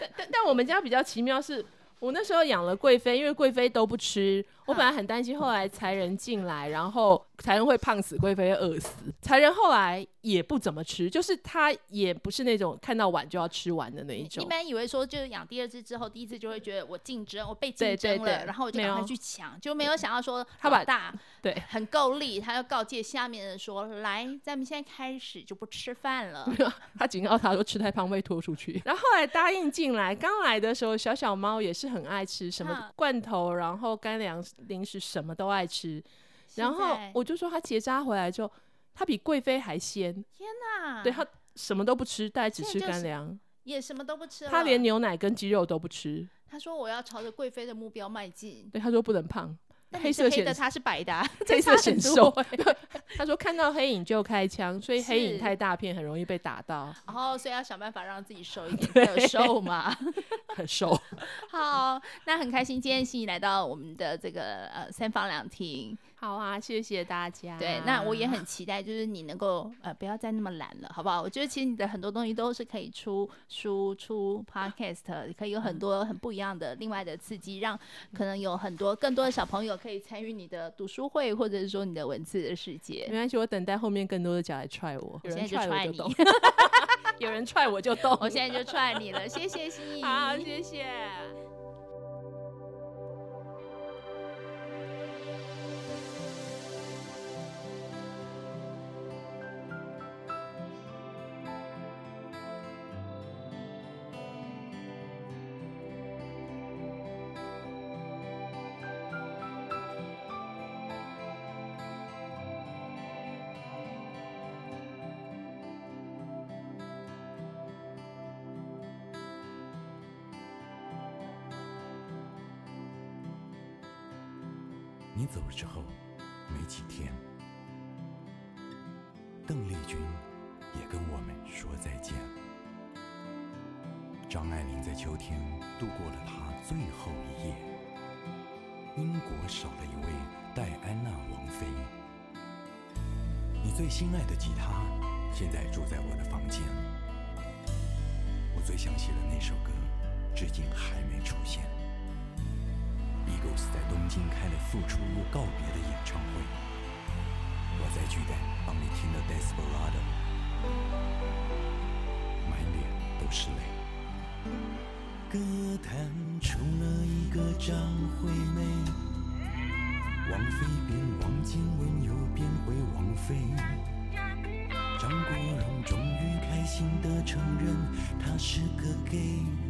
但但但我們家比較奇妙是。我那時候養了貴妃，因為貴妃都不吃。我本來很擔心，後來才人進來，啊、然後才人會胖死，貴妃會餓死。才人後來也不怎麼吃，就是他也不是那種看到碗就要吃完的那一種。一般以為說，就是養第二隻之後，第一隻就會覺得我競爭，我被競爭了，對對對，然後我就趕快去搶，沒有就沒有想到說他老大，把對，很夠力。他就告誡下面的說：“來，咱們現在開始就不吃飯了。” 他警告他說：“吃太胖被拖出去。” 然後後來答應進來，剛來的時候，小小貓也是。很愛吃什麼罐頭，然後乾糧、零食什麼都愛吃。的然後我就說他結紮回來之後，他比貴妃還鮮。天哪！對他什麼都不吃，但只吃乾糧，也什麼都不吃。他連牛奶跟雞肉都不吃。他說我要朝着貴妃的目標邁進。對，他說不能胖。黑色顯的。他是百搭，黑色顯瘦。 他說看到黑影就開槍，所以黑影太大片是，很容易被打到。然後、哦、所以要想辦法讓自己瘦一點，對有瘦嗎？ 很瘦。好、哦，那很開心今天心怡來到我們的這個呃三房兩廳。好啊，謝謝大家。對，那我也很期待，就是你能夠呃不要再那麼懶了，好不好？我覺得其實你的很多東西都是可以出書出 podcast，啊，可以有很多很不一樣的另外的刺激，讓可能有很多更多的小朋友可以參與你的讀書會，或者是說你的文字的世界。沒關係，我等待後面更多的腳來踹我，有人踹你，就動，有人踹我就動，我現在就踹你了。 謝謝心怡，好，謝謝。你走之後沒幾天，鄧麗君也跟我們說再見。張愛玲在秋天度過了她最後一夜。英國少了一位戴安娜王妃。你最心愛的吉他現在住在我的房間。我最想寫的那首歌至今還沒出現。就是在東京開了《復出又告別的》演唱會，我在巨蛋幫你聽了《Desperado》，滿臉都是淚。歌壇出了一個張惠妹，王菲變王靖雯又變回王菲，張國榮終於開心地承認，他是個 gay。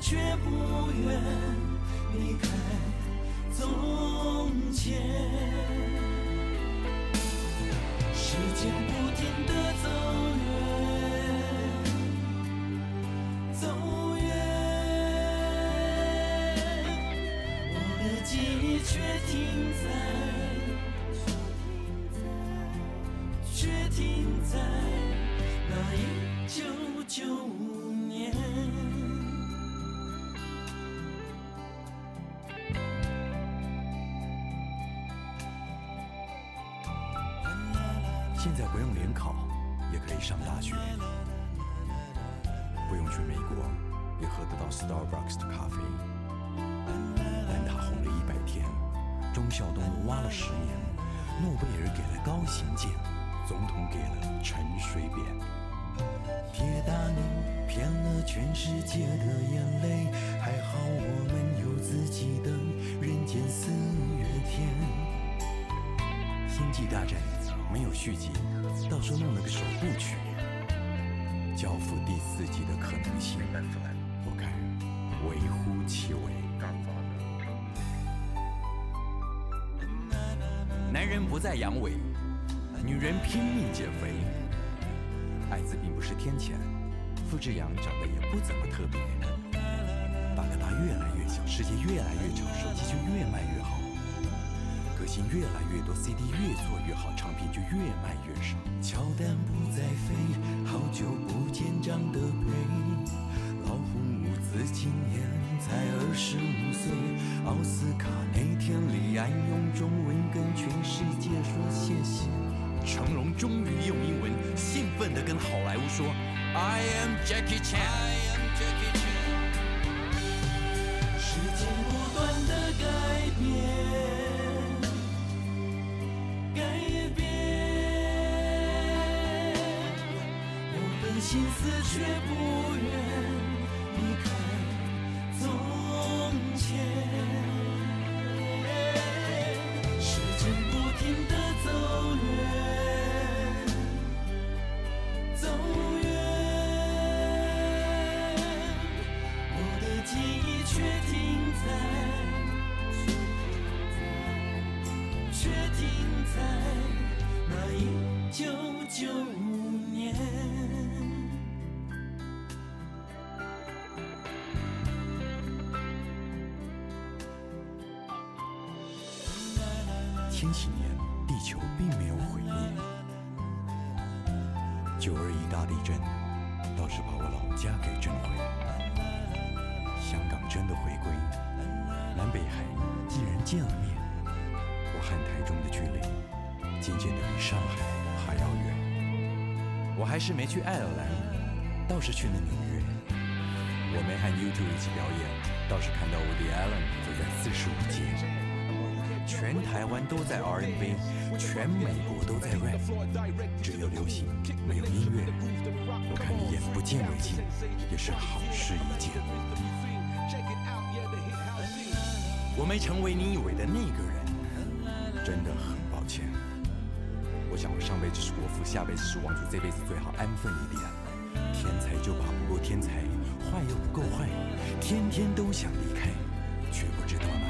卻不願離開從前，時間不停地走遠，走遠，我的記憶卻停在。現在不用聯考，也可以上大學；不用去美國，也喝得到 Starbucks 的咖啡。蛋塔紅了一百天，忠孝東路挖了十年，諾貝爾給了高行健，總統給了陳水扁。鐵達尼騙了全世界的眼淚，還好我們有自己的人間四月天。星際大戰。沒有續集，到時候弄了個首部曲，交付第四季的可能性，不敢，微乎其微。男人不再陽痿，女人拼命減肥，艾滋病不是天譴，複製羊長得也不怎麼特別，大哥大越來越小，世界越來越吵，手機就越賣越好。星越來越多，CD 越做越好，唱片就越賣越少。喬丹不再飛，好久不見張德培。老虎伍茲今年才二十五歲，奧斯卡那天李安用中文跟全世界說謝謝。成龍終於用英文興奮的跟好萊塢說：I am Jackie Chan。卻不。九二一大地震，倒是把我老家給震毀了。香港真的回歸，南、北海竟然見了面。我和台中的距離，漸漸地比上海還要遠。我還是沒去愛爾蘭，倒是去了紐約。我沒和 U2 一起表演，倒是看到 Woody Allen 走在四十五街。全台灣都在 R&B，全美國都在 rap，只有流行，沒有音樂。我看你眼不見為淨，也是好事一件。我沒成為你以為的那個人，真的很抱歉。我想我上輩子是國父，下輩子是王子，這輩子最好安分一點。天才就怕不夠天才，壞又不夠壞，天天都想離開，卻不知道呢。